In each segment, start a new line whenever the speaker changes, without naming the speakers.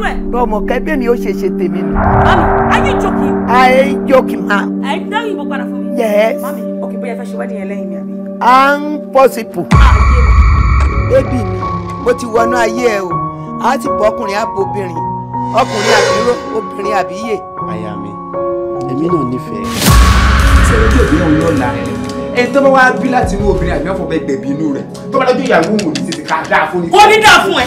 irú ẹ̀. bọ́ọ̀mù kẹ́bí mi ó ṣe ṣe tèmi nù. mami are you joking. I ain't joking ma. ẹ ń dáhùn ìbò padà fún mi. yes. mami òkè bóyá fẹ́ ṣe wedding yẹn lẹ́yìn mi àbí.
impossible. Ah, bébì mi mo ti wọnú ayé ẹ o a ti bọ ọkùnrin àbòbìnrin ọkùnrin àbíró obìnrin àbíyè. àyà mi èmi náà nífẹ̀ẹ́. ṣé ojú òbí náà yóò la rẹ̀ ẹ tó bá wá bí láti inú obìnrin àbí ọ̀fọ̀ bẹ́ẹ̀ gbẹ̀bí inú rẹ̀ tó bá lọ́jọ́ ìyàwó òun ò ní tètè ká dáa fún mi. kò ní dáa fún ẹ.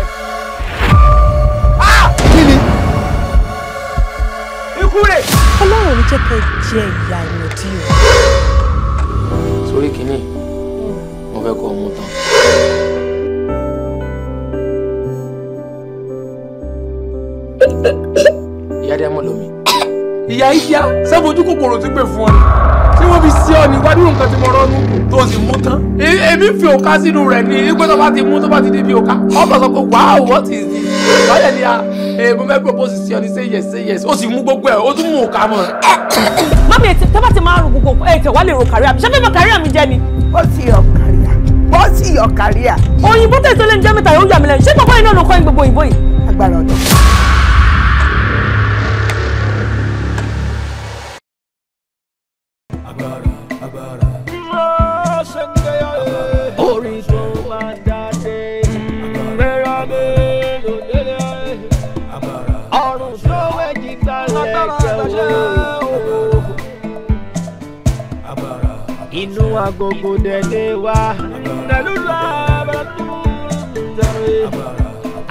kú rè. ọlọ́run ní jẹ́ kẹ́ jẹ ìyá ìmọ̀dí o. sórí kìíní mo fẹ́ kọ́ ọmú tán. ìyá dẹ́ mọ̀ lómi. ìyá ìyá sábòjú kòkòrò ti gbè fún ọ tí wọ́n fi sí ọ ní nǹkan tí mo rọ́nu tó o sì mú tán. èmi fi òka sínú rẹ̀ ní ìgbésọ̀ bá ti mú tó bá ti débi òka. ọ̀pọ̀ sọ pé wàá wọ́n ti sí. báyọ̀ ni a ẹ eh, mo fẹ́ propose sí ọ ní say yes say yes ó sì mú gbogbo ẹ ó tún mú òkà mọ́. mami ẹ tẹ́ bá ti máa ń ro gbogbo ẹ tẹ̀ wá lè ro kárí àmì ṣé fẹ́ kárí àmì jẹ ni. ó ti yọ kárí à ó ti yọ kárí à. òyìnbó tẹ̀sán lẹ́nu jẹ́ yóò yà mí lẹ́nu ṣé bàbá yìí ló kọ́ yín gbogbo
òyìnbó yìí. agbára ọ̀dọ́.
agogo dẹ̀dẹ̀ wa.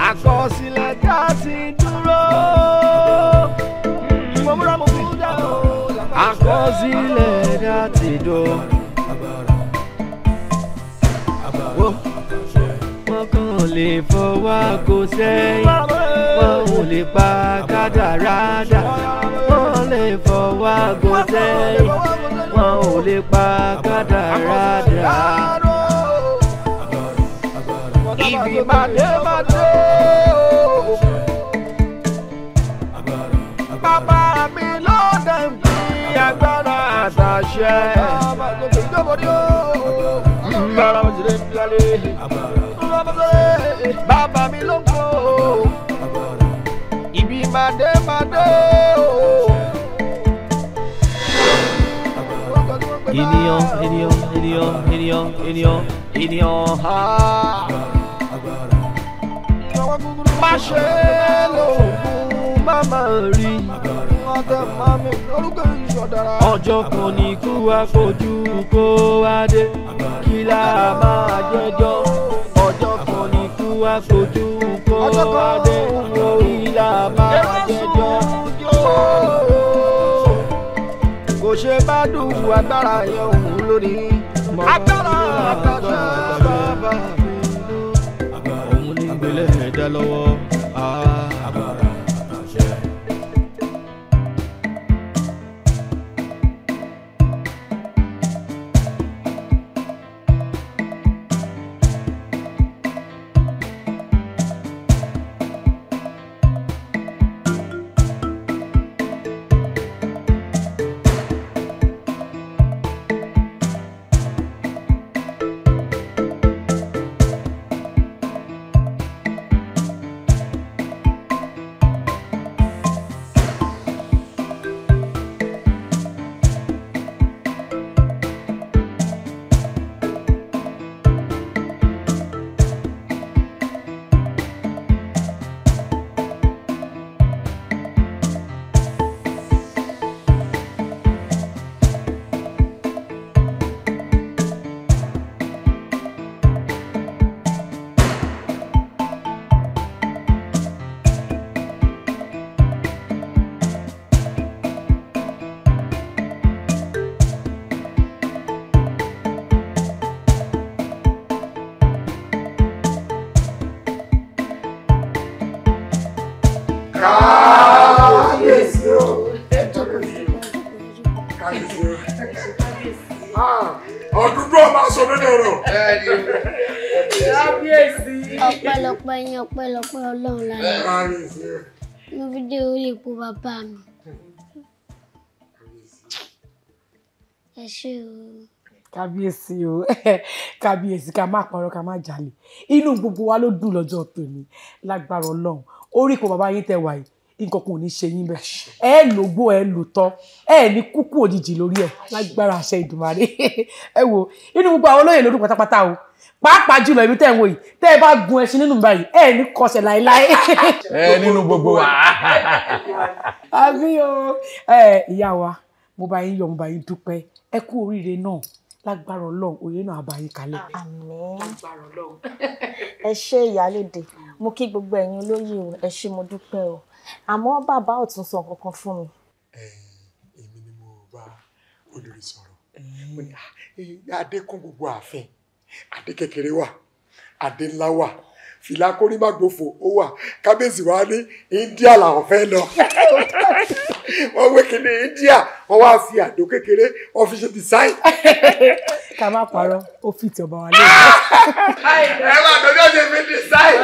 àkọsílẹ̀ tá a ti dúró. mo múra mo kú dá o. àkọsílẹ̀ tá a
ti dúró. wọ́n kàn lè fọwọ́ kó sẹ́yìn wọ́n ò lè pa kádàrá dà wọ́n lè fọwọ́ kó sẹ́yìn kan ò lè pa kádàrá ibi màdé màdé o. bàbá mi lọ́dẹ̀
ń fi agbára àtàṣẹ. bàbá mi ló ń ibi màdé màdé o.
ènìyàn ènìyàn ènìyàn ènìyàn ènìyàn ènìyàn ha. má ṣe lóògùn má máa rí ọjọ́ kan ní kú wá fojú kó wá dé kí la máa jẹjọ́ ọjọ́ kan ní kú wá kó wá dé kí la máa jẹjọ́
kò ṣe bá dùn agbára yẹn òun lórí. agbára
àtàṣà bàbá mi. òun ní gbélé ẹ̀dá lọ́wọ́.
ẹ ṣé o.
kábíyèsí o kábíyèsí ká má parọ́ ká má jalè inú gbogbo wa ló dùn lọ́jọ́ tòní lágbára ọlọ́run orí kò bàbá yín tẹ wà yìí nǹkan kò ní ṣe yín bẹ́ẹ̀ ẹ lògbó ẹ lòtọ́ ẹ ní kúkú òjijì lórí ẹ lágbára àṣẹ ìdùmarè ẹ wo inú gbogbo àwọn olóyè lórí pátápátá o pàápàá jùlọ ibi tẹ́ ẹ̀ ń wò yìí tẹ́ ẹ bá gun ẹṣin nínú báyìí ẹ ní kọsẹ̀ láéláé. ẹ nínú gbogbo wa. àbí o ìyá
wa mo bá yín yọ̀ mo bá yín dúpẹ́ ẹ kú oríire náà lágbára Ọlọ́run òye náà àbáyé kalẹ̀. àmín lágbára Ọlọ́run. ẹ ṣe ìyálòde mo kí gbogbo ẹ̀yin olóyè o ẹ ṣé mo dúpẹ́ o àmọ́ bàbá ò tún sọ kankan fún mi. èmi ni
mo bá olórí
sọ̀rọ̀ ah, adé kún gbogbo ààfin adé kékeré wà adé ńlá wà fìlà kórìmàgbòfò ó wà kábíyèsí wa ní India làwọn fẹ́ lọ wọ́n wé kíní India wọ́n wá fi àdó kékeré wọ́n fi ṣe design. ká má parọ́ ó fi ti ọba
wa lé. ẹ máa tó bí ó ṣe fi design.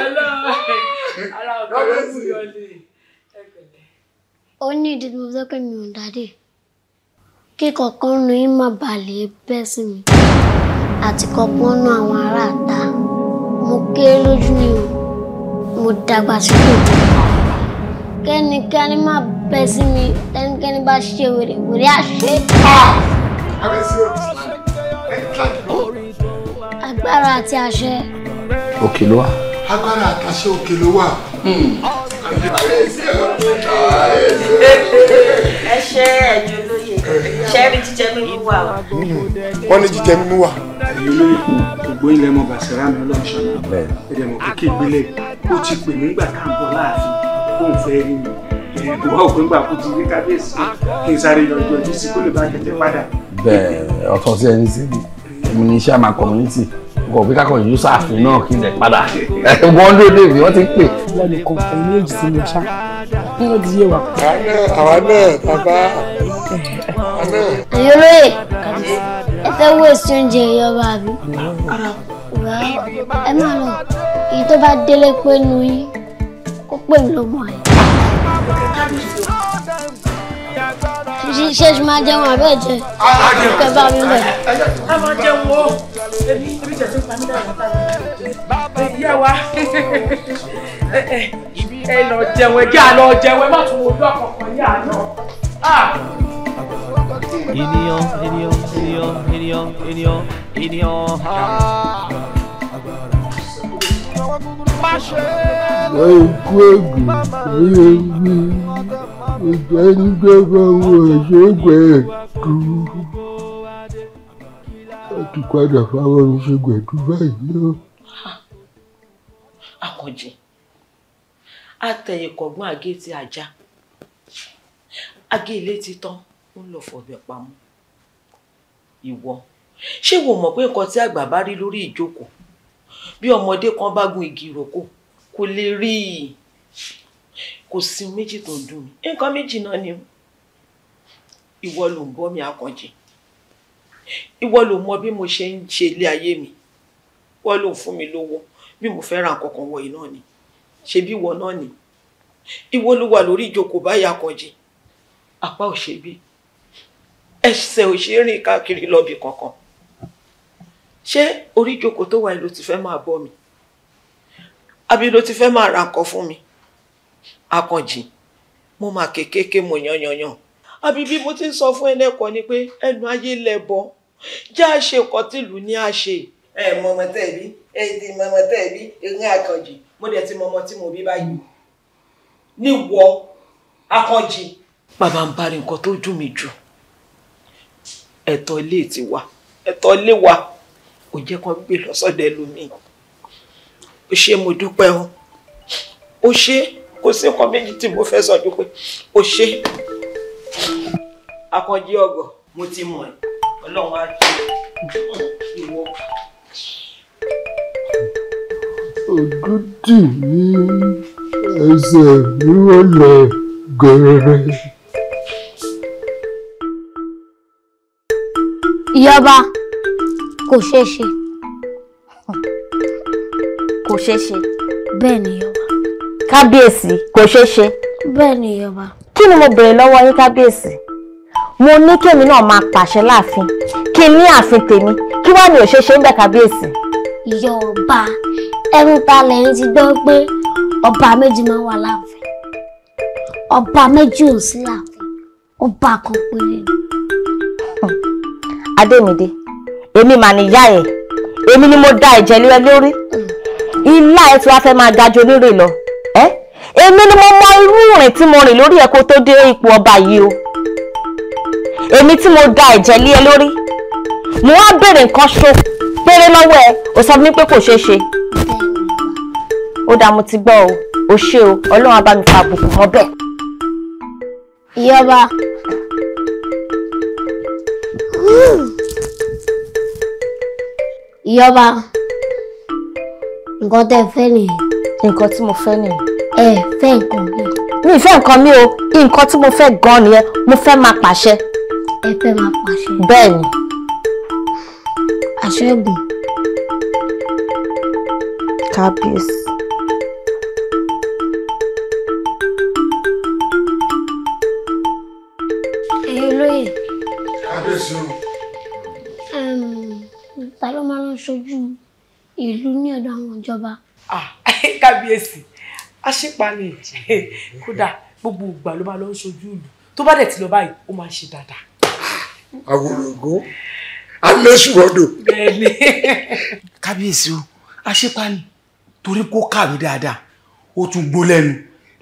ara ọ̀gá ló ni. ó ní ìdí tí mo fẹ́ pè mí ò dáadé kí kọ̀ọ̀kan nu yín má balẹ̀ bẹ́ sí mi àti kọ̀ọ̀kan nu àwọn aráàta mo kéré lójú ni o mo dàgbà kẹ́nikẹ́ni má bẹ́ sí mi ẹnikẹ́ni bá ṣe wèrè wèrè àṣẹ. agbára àti àṣẹ. òkè ló wà. agbára àtàṣe òkè ló wà. ẹ
wọ́n ní jíjẹ
mímú wà. ẹ̀yin olóye kù gbogbo ilẹ̀ mọ̀ bàṣẹ́rà mi ọlọ́run ṣọlá ẹ̀rẹ̀ kékeré ìgbélé ó ti pè nígbà tá à ń bọ̀ láàfin fún ìfẹ́ rí mi kò wá òpin gbà kó ti rí kábíyèsí kí n sáré yọjú ojú sí kó lè bá kẹtẹ padà. bẹ́ẹ̀ ọ̀tọ̀ sí ẹni sí mi ní iṣẹ́ àmà community kò fi kákan yìí sáàfin náà kí n lè padà wọ́n ló dé mi wọ́n ti pè. lẹ́nu kan fẹ́ ní èjì sí mi ṣá lọ́dọ̀ ti yé wa. àwa náà bàbá
ìyọ́lé ẹ fẹ́ wo èsì oúnjẹ ìyọba àbí ẹ máa lọ èyí tó bá délé pé nu yín kó pè mí lọ́mọ ẹ̀. ṣé ṣe máa jẹun àbẹ́ jẹ kẹ bá mi bẹ̀.
a máa jẹun o ebi
ebi jẹ tó pamí náà lọ́tà mi. ìyá wa ẹ lọ jẹun ẹ jẹ́ àlọ́ jẹun ẹ má
tún wo ojú àkọ́kọ́ yá náà ènìyàn ènìyàn ènìyàn ènìyàn ènìyàn ènìyàn ha ẹkú
ògùn ilé mi ìjẹ́ nígbà báwo ìṣègùn ẹ̀dú láti padà fáwọn oníṣègùn ẹ̀dú báyìí náà.
Ah, Àkànjì
àtẹ̀yìnkọ̀gbọ́n àgé ti ajá àgé ilé ti tán ó lọ fọ̀bẹ̀ pamọ́ ìwọ ṣé wo mọ̀ pé nǹkan tí àgbà bá
rí lórí ìjókòó bí ọmọdé kan bá gun igi ìrókò kò lè rí i kò sí méjì tó ń dùn mí nǹkan méjì náà ni ìwọ ló ń bọ́ mi àkànjì ìwọ ló mọ bí mo ṣe ń ṣe ilé ayé mi ìwọ ló ń fún mi lówó bí mo fẹ́ ra nǹkan kan wọ̀nyí náà ni ṣe bí ìwọ náà ni ìwọ ló wà lórí ìjókòó báyìí àkànjì apá ò ṣe bí ẹsẹ̀ ò ṣe rìn káàkiri lọ́bì kankan ṣé orí ìjókòó tó wà ló ti fẹ́ máa bọ́ mi àbí ló ti fẹ́ máa ra nǹkan fún mi akànjì mo máa kékeré mo yanyanyan àbí bí mo ti ń sọ fún ẹlẹ́kọ̀ọ́ ni pé ẹnu ayé lẹ́bọ jẹ́ àṣe nǹkan tìlú ní àṣe. ẹ mọmọ tẹ bí ẹ ti mọmọ tẹ bí eyín akànjì mo dẹ̀ ti mọmọ tí mo bí báyìí níwọ akànjì. bàbá ń bari nǹkan tó dùn mí jù ẹ̀tọ́ ilé ti wà ẹ̀tọ́ ilé wa kò jẹ́ kó gbé lọ́sọ̀dọ̀ ẹlòmíì ó ṣe mo dúpẹ́ o ó ṣe kò sí nǹkan méjì tí mo fẹ́ sọ dúpẹ́ ó ṣe akànjí ọgọ mo ti mọ̀ ẹ́ ọlọ́run á jẹ ìwọ.
ògùdì ní ẹsẹ̀ mi ò
ìyá ọba kò ṣeé ṣe. kò ṣeé ṣe. bẹ́ẹ̀ ni yọba.
kábíyèsí kò ṣeé ṣe.
bẹ́ẹ̀ ni yọba.
kí ni mo béèrè lọ́wọ́ yín kábíyèsí mo ní kémi náà máa pàṣẹ láàfin kí n ní ààfin tèmi kí wàá ní òṣèṣe ń bẹ kábíyèsí.
yọba ẹnu ta lẹ́yìn ti gbọ́ pé ọba méjì máa wà láàfin ọba méjì ò sí láàfin ọba kan péré ni. Adémídé èmi mà níyà ẹ̀
èmi ni mo da ẹ̀jẹ̀ lé ẹ lórí ilá ẹ tí wàá fẹ́ máa gajo onírè lọ ẹ èmi ni mo mọ irú ìrìn tí mo rìn lórí ẹ kó tó dé ipò ọba yìí o èmi tí mo da ẹ̀jẹ̀ lé ẹ lórí mo wá béèrè nǹkan ṣo péré lọ́wọ́ ẹ ò sọ mí pé kò ṣeé ṣe ó dáa mo ti gbọ́ o ò ṣe o ọlọ́run á mi fa àbùkù mọ́ bẹ́ẹ̀. ìyọba. Ooh ìyọba nǹkan tẹ́ fẹ́ nìyí. nǹkan tí mo fẹ́ nìyí. ẹ fẹ́ nǹkan mi. mi ì fẹ́ nǹkan mi o nǹkan tí mo fẹ́ gan-an nìyẹn mo fẹ́ máa pàṣẹ.
ẹ fẹ́ máa pàṣẹ. bẹ́ẹ̀
ni. àṣẹ gùn. kábíyèsí.
ta ló máa ń ṣojú ìlú ní ọ̀dọ̀ àwọn ìjọba.
kábíyèsí
aṣípani
kódà gbogbo ìgbà ló máa lọ ń ṣojú ìlú tó bá dẹ̀ ti lọ báyìí ó máa ń ṣe dáadáa. àwòrángo
alẹ́sùwọ́dò.
bẹ́ẹ̀ni. kábíyèsí o aṣípani torí kó kàwé dáadáa ó tún gbó lẹ́nu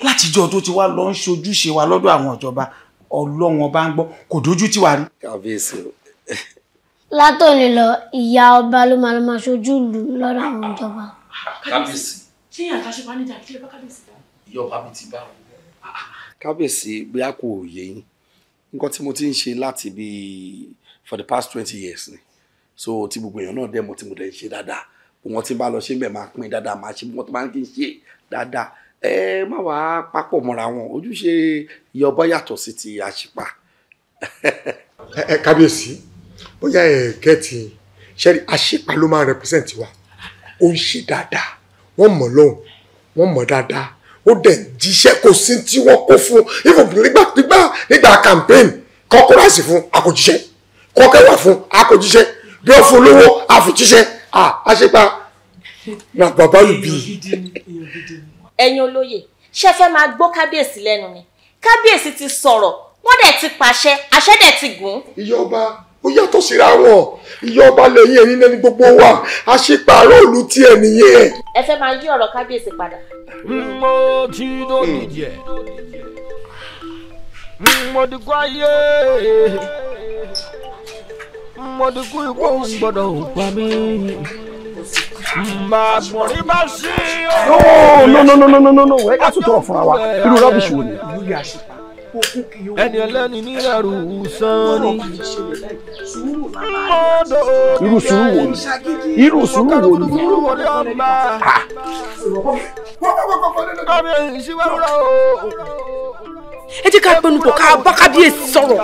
látijọ́ tó ti wá lọ ń ṣojúṣe wa lọ́dọ̀ àwọn ìjọba ọlọ́wọ́n bá ń gbọ́ kò dójú tì wá rí. kábíyèsí o
látòní lọ ìyá ọba ló máa lọ máa ṣojú ìlú lọ́dọ̀ àwọn ìjọba.
kábíyèsí. ṣé àtàṣe bá níjà kí lè bá kábíyèsí bá. ìyá ọba mi ti bá wọn. kábíyèsí bóyá kò yé yín nǹkan tí mo ti ń ṣe láti bí for the past twenty years ni so tí gbogbo èèyàn náà dẹ̀ mọ̀ tí mo dẹ̀ ń ṣe dáadáa bí wọ́n ti bá lọ ṣe ń bẹ̀ máa pín dáadáa máa ṣe bí wọ́n ti máa ń ṣe dáadáa ẹ má wàá papọ̀ mọ́ra wọn ojúṣe ìyá ọba yàtọ̀ sí ti àṣìpà. ẹ kábíyèsí ó yá ẹ̀ kẹ́tì ṣẹ́rí àṣìpá ló máa represent wa ó ń ṣe dáadáa wọ́n mọ̀ lóhùn wọ́n mọ̀ dáadáa ó dẹ̀ jíṣẹ́ kò sí tí wọ́n kó fún even nígbà nígbà nígbà campaign kọ́kúrásì fún àkójíṣẹ́ kọ́kẹ́wà fún àkójíṣẹ́ bí ó fún lówó àfòjíṣẹ́ àṣìpá na bàbá yìí bí.
ẹ̀yin olóye ṣé fẹ́ máa gbọ́ kábíyèsí lẹ́nu ni kábíyèsí ti sọ̀rọ̀ wọ́n dẹ̀ ti pàṣẹ àṣẹ dẹ̀ ti gùn.
ìyá ó yàtọ̀ síra wọn ìyá ọba lẹ́yìn ẹ̀yìn lẹ́ni gbogbo wa a ṣe pààrọ̀ òlu tí ẹ nìyẹn.
ẹ fẹ́ máa yí ọ̀rọ̀ kábíyèsí padà. mo ti ló nìjẹ mo ti ayé
mo ti kú ikú
pa mí. Màá bá ṣí. No no no no no no no ẹ ká tún tọrọ fúnra wa irú rọ́bìṣì wo ni ẹni ẹlẹ́ni ní ẹrù sán ni. irú sùúrù wo ni irú sùúrù wo ni. sùúrù wo ni ọba. kọ́mi ìṣíwáwúrọ̀ o. ẹ jẹ́ ká pẹnu pọ̀ ká bá kábíyèsí sọ̀rọ̀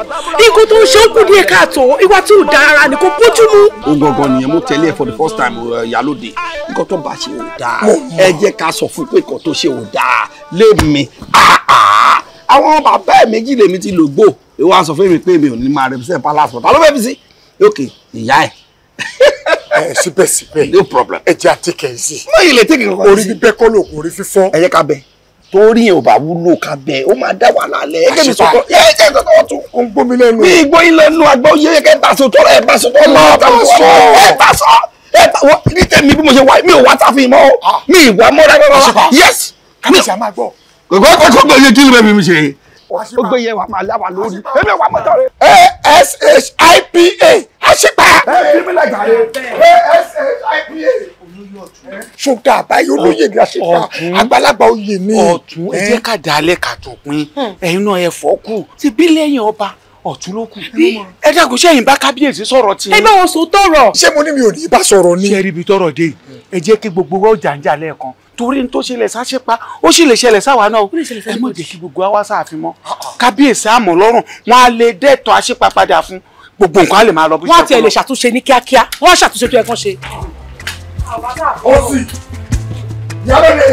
igun tó ń ṣe ń kú díẹ̀ káàtó ìwà tí ò dára ni kò bójú mu. ó gbọ̀ngàn nìyẹn mo tẹ̀lé ẹ for the first time uh, yálòdì nǹkan tó bá ṣe ò dáa ẹ jẹ́ ká sọ fún pé nǹkan tó ṣe ò dáa lé mi. Ah, ah àwọn bàbá ẹ̀ méjì lèmi ti lò gbò ẹ wá sọ fún mi pé mi ò ní máa represent palace ta ló fẹ́ fi sí òkè ìyá ẹ̀. ẹ eh, síbẹ̀síbẹ̀ no problem ẹ jẹ́ àtẹ̀kẹ̀ yìí sí. mo yìí lè tẹ̀kẹ̀ kọ́kọ́ sí. orí bíbẹ́ kọ́ lóògùn orí fífọ́. ẹ yẹ ká bẹ torí ẹ ò bá wúlò ká bẹ ó máa dá wàhálà lẹ ẹgbẹ́ mi sọ̀tọ̀ yẹ ẹgbẹ́ mi sọ̀tọ̀ tún. ó ń gbómi lẹ́nu. mi gbóyin lẹ́nu àgbà ó yẹ ẹgbẹ́ bá sọ̀tọ̀ rẹ̀ bá sọ̀tọ̀ ẹ bá sọ ẹ bá wọ ní tẹ̀mí bí mo ṣe wá mi ò wá sáfin mọ́ ah. mi ì wá mọ́ rárá. yẹ́sì. kàmíṣà máa kọ́kọ́ gbé yẹ kí ló bẹ fi mi ṣe. ó gbé yẹ wà máa láwà lórí ẹni wà máa tọrẹ. ASHIPA àṣìpá. ẹ bí mi lẹ gàdé
ASHIPA.
ṣùgbọ́n àbáyọ olóyè ni àṣìpá àgbàlagbà oyè ni. ọ̀tún ẹ jẹ́ ká dalẹ̀ ká tó pin ẹ̀yin náà ẹ fọ́ kù ti bí lẹ́yìn ọba ọ̀tún ló kù. ẹ dàgbọ́ sẹ́yìn bá kábíyèsí sọ̀rọ̀ tí. ẹ bá wọn sọ tọrọ. ṣé mo ní mi ò ní bá sọ̀rọ̀ ni. ṣé ẹ rí ibi dé ẹ jẹ́ kí gbogbo wọ́ọ̀jà ń jà lẹ́ẹ̀kan torí tó ṣẹlẹ̀ sáṣẹ́pá ó sì lè ṣẹlẹ̀ sáwa náà ẹ mọ̀ jẹ́ kí gbogbo wa sáàfin mọ́ kábíyèsí àmọ̀ lọ́rùn wọn á lè dẹ́tọ̀ àṣepa padà fún gbogbo nǹkan á lè máa lọ bí ṣe kú lọ. wọ́n tiẹ̀ lè ṣàtúnṣe ní kíákíá wọ́n ṣàtúnṣe tó yẹ kán ṣe. ó sì yàrá mi.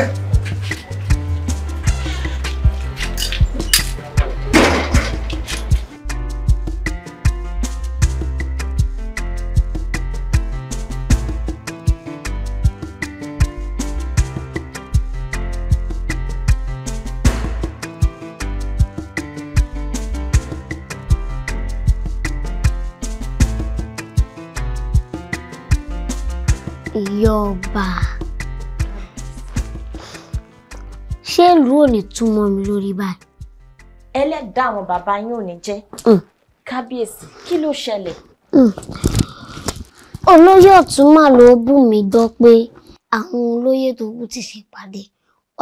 ọba ṣé ìlú ò ní túmọ̀ mi lórí báyìí.
ẹlẹ́dàá àwọn bàbá yín ò ní jẹ́
mm. kábíyèsí kí ló ṣẹlẹ̀. Mm. olóyè ọ̀tún mà ló bù mí gbọ́ pé àwọn olóyè tó kù ti ṣèpàdé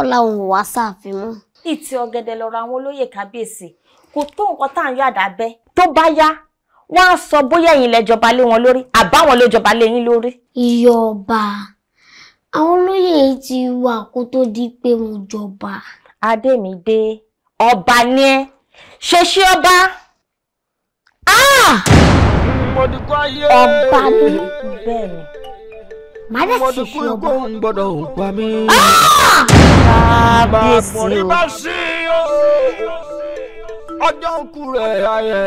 ọ̀la òun wá sáàfin mọ́.
ní ti ọ̀gẹ̀dẹ̀ lọ́rọ̀ àwọn olóyè kábíyèsí kò tó nǹkan tá à ń yọ àdábẹ́ tó bá yá wọ́n á sọ bóyá ẹ̀yin lẹ́jọba lé wọn lórí àbáwọn ló lé yín lórí. ìyọba
àwọn olóyè yìí ti wà kó tó di pé mo jọba. Adémídé ọba ni ẹ ṣe ṣé ọba.
Ah! ọba ni bẹ́ẹ̀ ni
màdàsí ṣe ọba. gbọ́dọ̀ ò pa mí. kábíyèsí ah! o ọjọ́ kú rẹ̀ ayẹ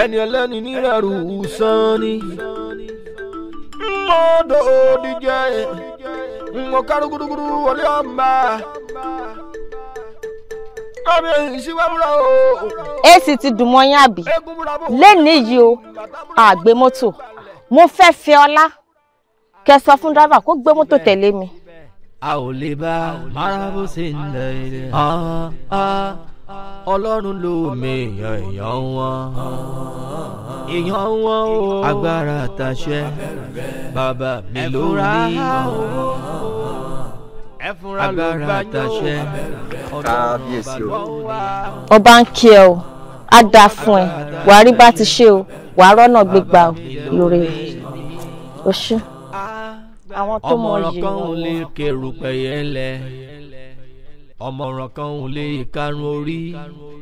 ẹni ẹlẹ́ni nírẹ̀rù sán ni modo DJ Ngokaru guru guru oliomba
èsì ti dùn mọ́ yín àbí lénìí yìí o àgbé mọ́tò mo fẹ́ fi ọlá kẹ́ sọ fún dábà kó gbé mọ́tò tẹ̀lé mi.
a ò lè bá marabu sí ilẹ̀ ilẹ̀ ọlọ́run ló mèèyàn èèyàn wọn èèyàn wọn o agbára àtàṣẹ bàbá mi ló ní agbára àtàṣẹ kábíyèsí o.
ọba ń kí ẹ o á dáa fún ẹ wàá rí bá ti ṣe o wàá rọ́nà gbégbá o lórí o àwọn tó mọ yìí ọmọ ọkàn
ò lè kẹrù pẹ̀yẹ́ lẹ ọmọràn kan ò lè karùn orí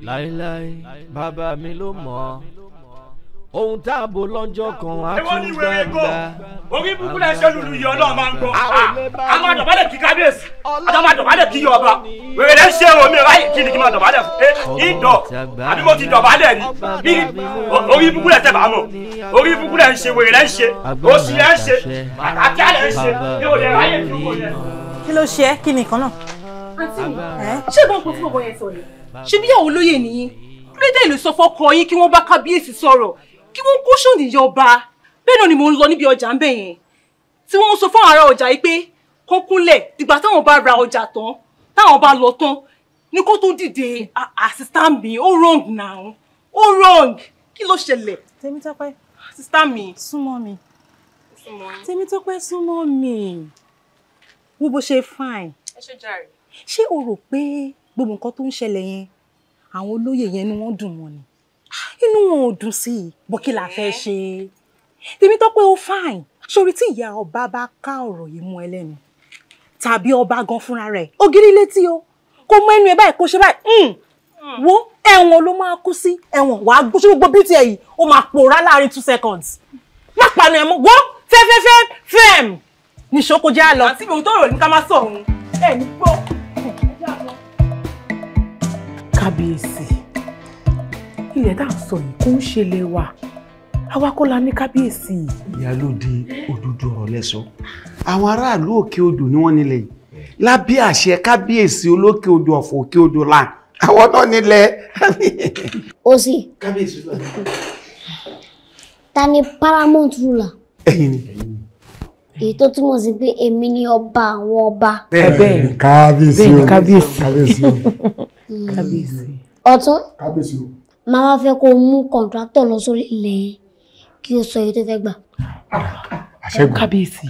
láéláé bàbá mi ló mọ̀ ọ́ ohun tá a bò lọ́jọ́ kan á tún gbàgbà. orí búkúlẹ̀ ẹ̀ṣẹ́ lulu yìí ọlọ́run máa ń gbọ́ a máa dọ̀bálẹ̀ kí kábíyèsí a máa dọ̀bálẹ̀ kí
ọba wèrè lẹ́ ṣe omi ọba yìí kí ni kí máa dọ̀bálẹ̀ fún ẹ eh, ìdọ̀ àbí mo ti dọ̀bálẹ̀ ni orí búkúlẹ̀ tẹ̀ bá mọ̀ orí búkúlẹ̀ ń ṣe wèrè lẹ́ ń ṣe oṣù lẹ́ ń
ṣe àkàtì àlẹ́ ń ṣe kí ló ṣe é kí nìkan náà àǹtí mi ṣé ìbọn kò tí bọ̀bọ̀ yẹn sọ yìí ṣe bí lóye nìyí kí ìlú sọ fọkọ
yín kí wọ́n bá kábíyèsí sọ̀rọ̀ kí wọ́n kó ṣòní ìjọba bẹ́ẹ̀ náà ni mò ń lọ níbi ọjà ń bẹ̀ yẹn tí wọ́n sọ fún ará ọjà yìí pé kó kúnlẹ̀ dìgbà táwọn bá ra ọjà tán táwọn bá lọ tán ni kó tó dìde àsìsá mi ó wrong now ó
wrong kí ló ṣẹlẹ̀. Tèmítọ́pẹ́ àsìsá mi. súnmọ́ mi Tèmítọ́pẹ́ súnmọ́ mi wo bó ṣe fine. ẹ ṣe jàre ṣé o rò pé gbogbo nǹkan tó ń ṣẹlẹ̀ yẹn àwọn olóyè yẹn ni wọ́n dùn wọn ni inú wọn ò dùn sí i bó kí la fẹ́ ṣe tèmi tó pé ó fine sórí tí ìyá ọba bá ká ọ̀rọ̀ yìí mú ẹ lẹ́nu tàbí ọba gan fúnra rẹ̀ ògiri létí o kò mọ ẹnu ẹ báyìí kó ṣe báyìí hmm. wo ẹ̀wọ̀n ló máa kú sí ẹ̀wọ̀n wàá gbóṣe gbogbo bíútì ẹ yìí ó máa pòórá láàrin two seconds má panu ẹ mọ́ wo fẹ́fẹ́fẹ́
fẹ́m nìṣó kó jẹ́ àlọ́. àti ìbòmù tó rò ní ká má sọ òun ẹ̀ ní gbọ́ kábíyèsí ilẹ̀ tá à ń sọ yìí kò ń ṣẹlẹ̀ wa àwa kọ́ la ní kábíyèsí yìí. ìyálóde òdodo ọ̀rọ̀ lẹ́sọ̀ àwọn aráàlú òkè odò ni wọ́n nílẹ̀ yìí lábẹ́ àṣẹ kábíyèsí olókè odò ọ̀fọ̀ òkè odò la àwọn náà nílẹ̀. ó sì
kábíyèsí ló wà.
ta ni paramount ruler. ẹ̀yin ni èyí tó túmọ̀ sí pé èmi ni ọba àwọn ọba.
bẹ́ẹ̀ bẹ́ẹ̀ kábíyèsí o kábíyèsí o
kábíyèsí. Mm-hmm. ọ̀tún kábíyèsí o. màá wá fẹ́ kó o mú kọ̀ǹtráktọ̀ lọ sórí ilẹ̀ yẹn kí o sọ èyí tó fẹ́ gbà.
àṣẹgun kábíyèsí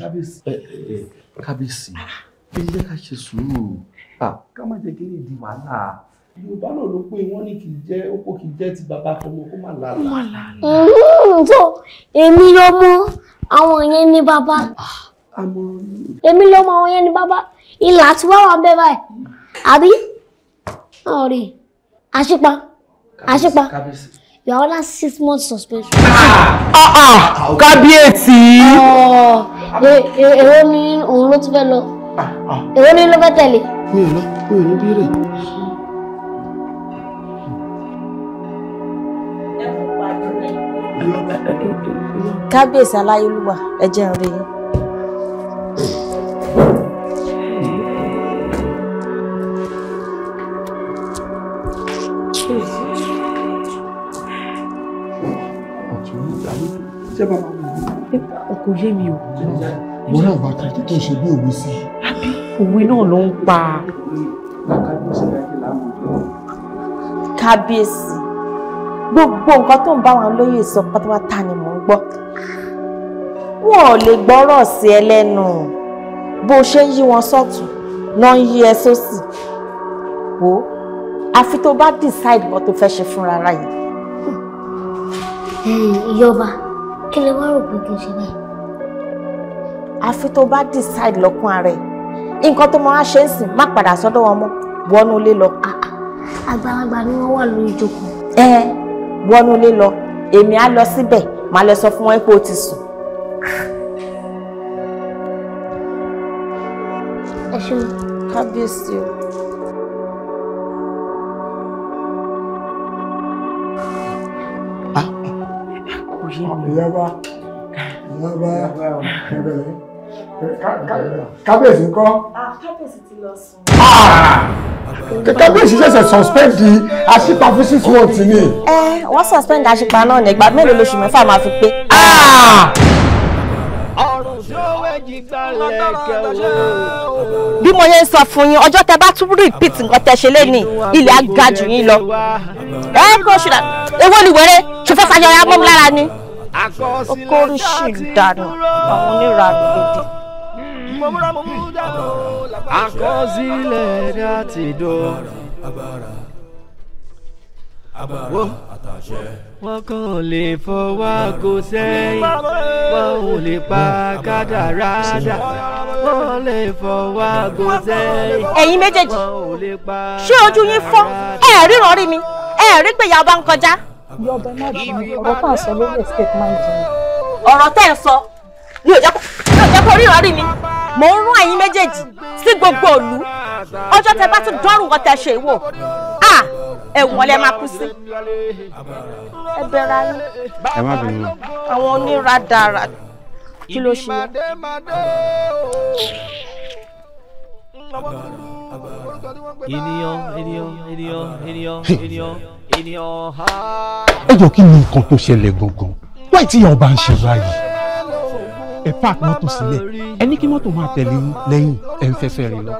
kábíyèsí ẹ jẹ́ ká ṣe sùúrù ká má jẹ́ kí ní di wàhálà yorùbá náà ló pé wọn ní kì í jẹ oko kì í jẹ ti bàbá tọmọ
kó má làálàá.
tó mm-hmm. èmi ló mọ àwọn yẹn ní bàbá èmi ló mọ àwọn yẹn ní bàbá ilà tí wàá wà bẹ́ẹ̀ báyìí àbí. Oh, really? Ashipa. Ashipa. Kabisi. You are under six months suspension. Ah! Ah! ah. Oh, e, e, èwo ni òun ló tún fẹ́ lọ? Ah, ah. Èwo ni ló fẹ́ tẹ̀lé? Mi ò lọ,
mi ò ní bírè.
Kábíyèsí aláyélúwà, ẹ jẹ́ ń rí ṣe bàbá mi. ọkọ yé mi o. mo náà bá kí tó ṣe bí òwe sí. àbí òwe náà ló ń pa. kábíyèsí gbogbo nǹkan tó ń bá wọn lóye sọ pátápátá ni mò ń gbọ́ wọn ò lè gbọ́rọ̀ sí ẹ lẹ́nu bó ṣe ń yí wọn sọ́tún náà ń yí ẹ sósì wò àfi tó bá decide what tó fẹ́ ṣe fúnra rẹ̀. ìyọba. Hey, kí lè wá rò pé kí n ṣe báyìí. àfi tó bá decide lọ́kàn ara ẹ̀ nǹkan tó máa ṣe ń sìn má padà sọ́dọ̀ wọn mọ́ wọnú ilé lọ. Ah, ah.
àgbàlagbà ni wọ́n wà lórí ìjókòó.
ẹ wọnú ilé lọ èmi á lọ síbẹ̀ màá lọ sọ fún wọn pé o ti sùn. ẹ ṣeun kábíyèsí o.
ìyá bá ìyá bá ẹbẹ̀rẹ̀ kábíyèsí ńkọ́.
Ah, kábíyèsí ti lọ sùn.
Ah! kábíyèsí ṣẹ̀ṣẹ̀ suspend àṣìpa fún six months ni. ẹ
eh, wọ́n suspend àṣìpa náà ní ìgbà mélòó lóṣù mẹ́fà máa fi pé. Ah! bí mo ṣe ń sọ fún yín ọjọ́ tẹ bá tún repeat nǹkan tẹ ṣe lé ní ilẹ̀ á ga jù yín lọ. ẹ kó ṣùgbọ́n ewé ni wẹ́rẹ́ ṣùfẹ́ fàyọ̀ ya mọ́ mi lára ni okóríṣì dànù àwọn
onírànú
gidi. àkọsílẹ̀ ẹ̀dá ti dọ̀rọ̀ agbára àtàṣẹ. wọ́n kàn lè fọwọ́ kó sẹ́yìn wọ́n ò lè pa kádàrádà wọ́n lè fọwọ́ kó sẹ́yìn. ẹ̀yin méjèèjì
ṣé ojú yín fọ́ ẹ̀ ríran rí mi ẹ̀ rí pé ìyá ọba ń kọjá ìyá ọba má bàa ọ̀rọ̀ tá à ń sọ lórí escape máa ń jìnnà. ọ̀rọ̀ tẹ́ ẹ sọ ni ò jẹ́ kó ríran rí mi mò ń rún ẹ̀yin méjèèjì sí gbogbo òlu ọjọ́ tẹ bá tún dọ́rùn wọn tẹ ṣe wò á ẹ̀wọ̀n lẹ máa kú sí. ẹ bẹ̀rẹ̀ ayé. ẹ má bẹ̀rẹ̀ o. àwọn oníradàrà kí ló ṣe yẹ.
ènìyàn ènìyàn ènìyàn ènìyàn ènìyàn ènìyàn ha.
ẹ jọ kí ni nǹkan tó ṣẹlẹ̀ gangan wáyé tí ìyàwó bá ń ṣe báyìí ẹ park mọ́tò sílẹ̀ ẹ ní kí mọ́tò máa tẹ̀lé lẹ́yìn ẹ ń fẹ́fẹ́ rẹ lọ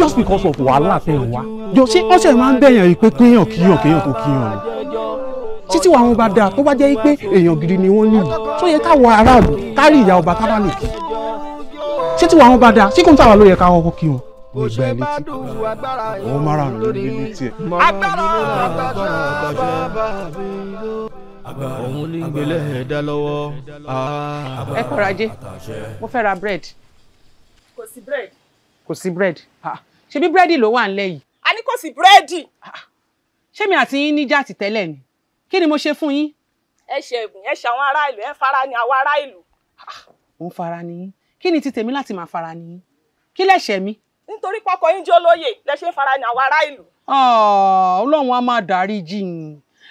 just because of wàhálà tẹ̀ ń wá jọ ṣé ọ̀sẹ̀ máa ń bẹ̀yàn yìí pé kéèyàn kéèyàn kéèyàn kó kéèyàn ni títí wàá wọn bá dáa tó bá jẹ́ pé èèyàn gidi ni wọ́n nílùú tó yẹ káwọ aráàlú kárí ìyá ọba kábàlì kí títí wàá wọn bá dáa síkùn táwa ló yẹ káwọ́ kó kí wọn
nígbà ẹni tí
òun mara rẹ lórí nínú tiẹ̀. agbára agbára òun ní gbélé ẹ̀dá lọ́wọ́. Ah. ẹ kọ́ra ajé mo fẹ́ ra bread. kò sí bread. kò sí bread ah. ṣebí búrẹ́dì ló wà nílẹ̀ yìí.
a ní kò sí búrẹ́dì. Ah.
ṣé mi àti yín ní jáàtì tẹ́lẹ̀ ni kí ni mo ṣe fún yín.
ẹ ṣe ẹ̀bùn ẹ ṣe àwọn ará ìlú ẹ fara ni àwọn ará ìlú.
ó fara ni yín kí ni ti tèmi láti máa fara ni yín kí lẹ̀ṣẹ̀ mi
nítorí pọkọ yín jẹ́ olóyè lẹ ṣe ń fara ní àwọn ará ìlú.
Ah, ọlọ́run á máa dáríjì yín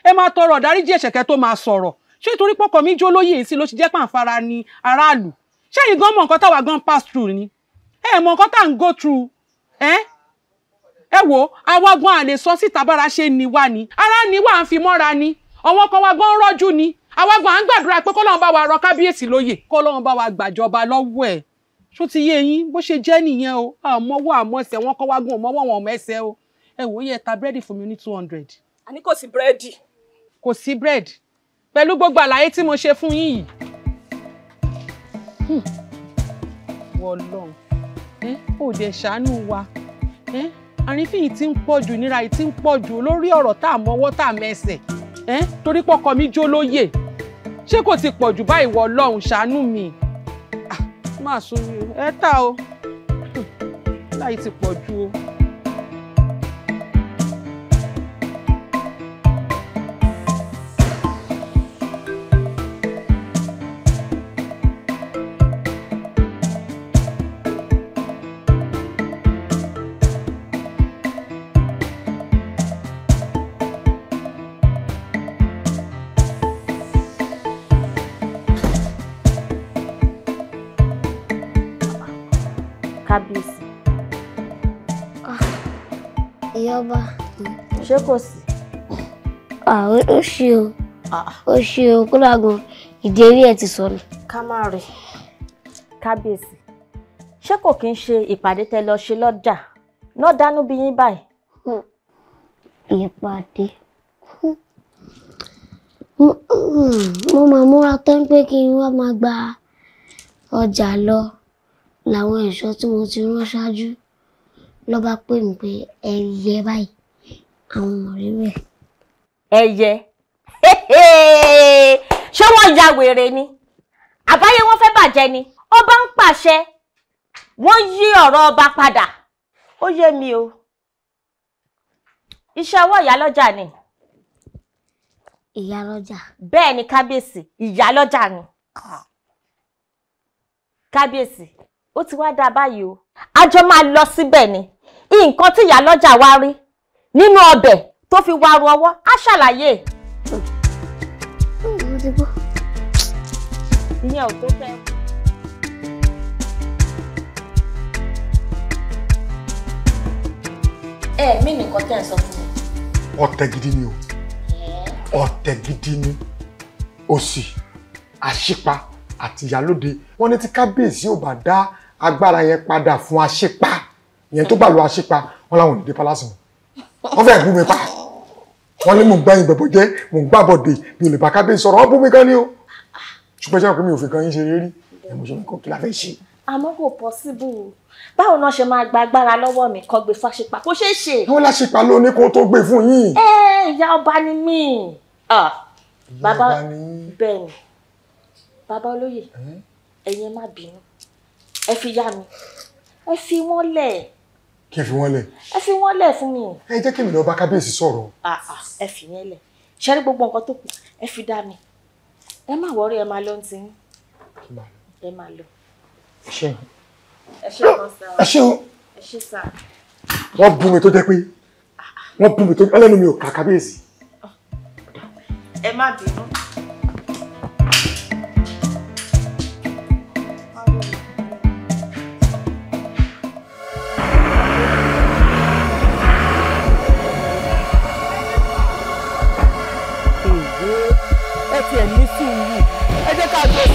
ẹ máa tọrọ dáríjì ẹ̀ṣẹ̀kẹ́ tó máa sọ̀rọ̀ ṣé nítorí pọkọ mi jẹ́ olóyè sí ló ṣe jẹ́ pàǹfààrà ní aráàlú ṣé ẹ̀yin gan mọ̀ nǹkan táwa gan pass through ni ẹ mọ̀ nǹkan tá à ń go through ẹ ẹ wo àwa gan àlè sọ síta bára ṣe ni wá ni ara ni wà ń fi mọ́ra ni àwọn kan wa gan rọ́jú ni àwa gan à ń gbàdúrà pé kọ́lọ́run bá wa rọ kábíyèsí lóyè kọ́lọ́run bá wa gbàjọba lọ́wọ́ ẹ̀ ṣó ti yé yín bó ṣe jẹ́ nìyẹn o àmọ́wọ́ àmọ́sẹ̀ wọn kọ́ wágùn ọmọwọ́ wọn mẹ́sẹ̀ o ẹ wò ó yẹ ta búrẹ́dì fún mi ní two hundred. àní kò sí búrẹ́dì. kò sí búrẹ́dì pẹ̀lú gbogbo àlàyé tí mo ṣe fún yín yìí. Hmm. wọlọ́n ẹ ò dé ṣàánú wa ẹ àrífín yìí ti ń pọ̀ jù ìnira yìí ti ń pọ̀ jù lórí ọ̀rọ̀ tá a mọ́wọ́ tá a mẹ́sẹ̀ ẹ torí pọ́kọ mi jó lóye ṣé kò ti pọ̀ jù báyìí wọlọ́n ṣàánú mi má sún mi ẹ ta o láyé ti pọ̀ ju o.
ọba. ṣé kò sí.
àwọn ó ṣe o ó ṣe o kó lágùn ìdí eré ẹ ti sọnù.
ká má rè kábíyèsí ṣé kò kí ń ṣe ìpàdé tẹ lọ ṣe lọ́jà náà dánú bí yín
báyìí. Hmm. ìpàdé hmm. Hmm. mo máa múra tán pé kí n wá máa gba ọjà lọ làwọn ẹ̀ṣọ́ tí mo ti rán ṣáájú ló bá pè mí pé ẹyẹ báyìí àwọn ọ̀rẹ́ rẹ̀.
ẹyẹ ṣé wọ́n ya wèrè ni àbáyé wọn fẹ́ bàjẹ́ ni ọba ń pàṣẹ wọ́n yí ọ̀rọ̀ ọba padà ó yé mi o iṣẹ́ ọwọ́ ìyálọ́jà ni. ìyálọ́jà. bẹ́ẹ̀ ni kábíyèsí ìyálọ́jà ni kábíyèsí ó ti wá dáa báyìí o àjọ máa lọ síbẹ̀ ni nǹkan tí ìyálọ́jà wá rí nínú ọbẹ̀ tó fi wá ru ọwọ́ á ṣàlàyé. ìyẹn ò tó fẹ́. ẹ mí nìkan tẹ́ ẹ sọ fún mi.
ọ̀tẹ̀ gidi ni o ọ̀tẹ̀ gidi ni òsì àṣìpa àti ìyálóde wọn ní tí kábíyèsí ò bá dá agbára yẹn padà fún aṣípa yẹn tó gbà lọ aṣípa wọn làwọn ò ní dé palace mọ́ wọn fẹ́ẹ́ bú mi pa wọn ní mò ń gbẹ̀yìn bẹbọ jẹ mò ń gbàbọ dè mi ò lè bá kábíyèsí sọ̀rọ̀ wọn bú mi gan ni o ṣùgbọ́n jẹ́ pé mi ò fi gan yín ṣe rí rí ẹ̀mọ́ ṣe kò kí la fẹ́ ṣe.
àmọ́ kò pọ́síbù báwo náà ṣe máa gba agbára lọ́wọ́ mi kọ́ gbé fáṣípa kó ṣeé ṣe.
wọn láṣípa ló ní kó tó gbé fún yín.
ẹ ìyá ọba ni mí. bàbá bẹ́ẹ̀ ni bàbá olóyè ẹ̀yin má bínú ẹ fi yá mi ẹ fi wọ́n lẹ̀. kí n fi wọ́n lẹ̀. ẹ fi wọ́n lẹ̀ fún mi. ẹ jẹ́ kí mi lọ bá kábíyèsí sọ̀rọ̀. ẹ fi yẹn lẹ̀ ṣe rí gbogbo nǹkan tó kù ẹ fi dá mi ẹ má wọrí ẹ máa lọ ní tiyín ẹ máa lọ. ẹ ṣeun ẹ ṣeun ẹ ṣeun ẹ ṣe sá.
wọ́n bú mi tó jẹ́ pé wọ́n bú mi tó ẹlẹ́nu mi ò kà kábíyèsí. ẹ má bínú.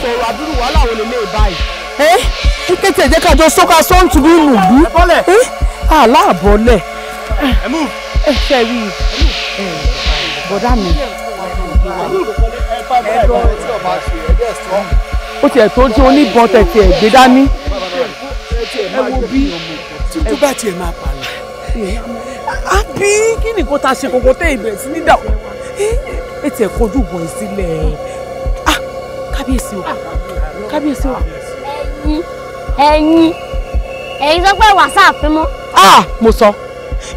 sọ̀rọ̀ àdúrú wàhálà wo lè lé báyìí.
ẹ ẹ kété ẹ jẹ́ ká jọ sọ́ka sọ́ǹtù bí nù bí. ẹ bọ́lẹ̀. ẹ aláàbọ̀lẹ̀.
ẹ mú.
ẹ fẹ́ rí i bọ̀dá mi. ó tiẹ̀ tó jẹ́ oníbọn tẹ̀tẹ̀ ẹ̀gbẹ́ dání.
ẹ wo bí tuntun bá
tiẹ̀ máa pààlà àbí kí ni kò ta ṣe kòkò tẹ ibẹ̀ sí nídà ẹ tiẹ̀ kojú bọ̀ ẹ sílẹ̀ kábíyèsí wa kábíyèsí wa.
ẹ̀yin ẹ̀yin ẹ̀yin sọ pé wàsáàfin mọ́.
ah mo sọ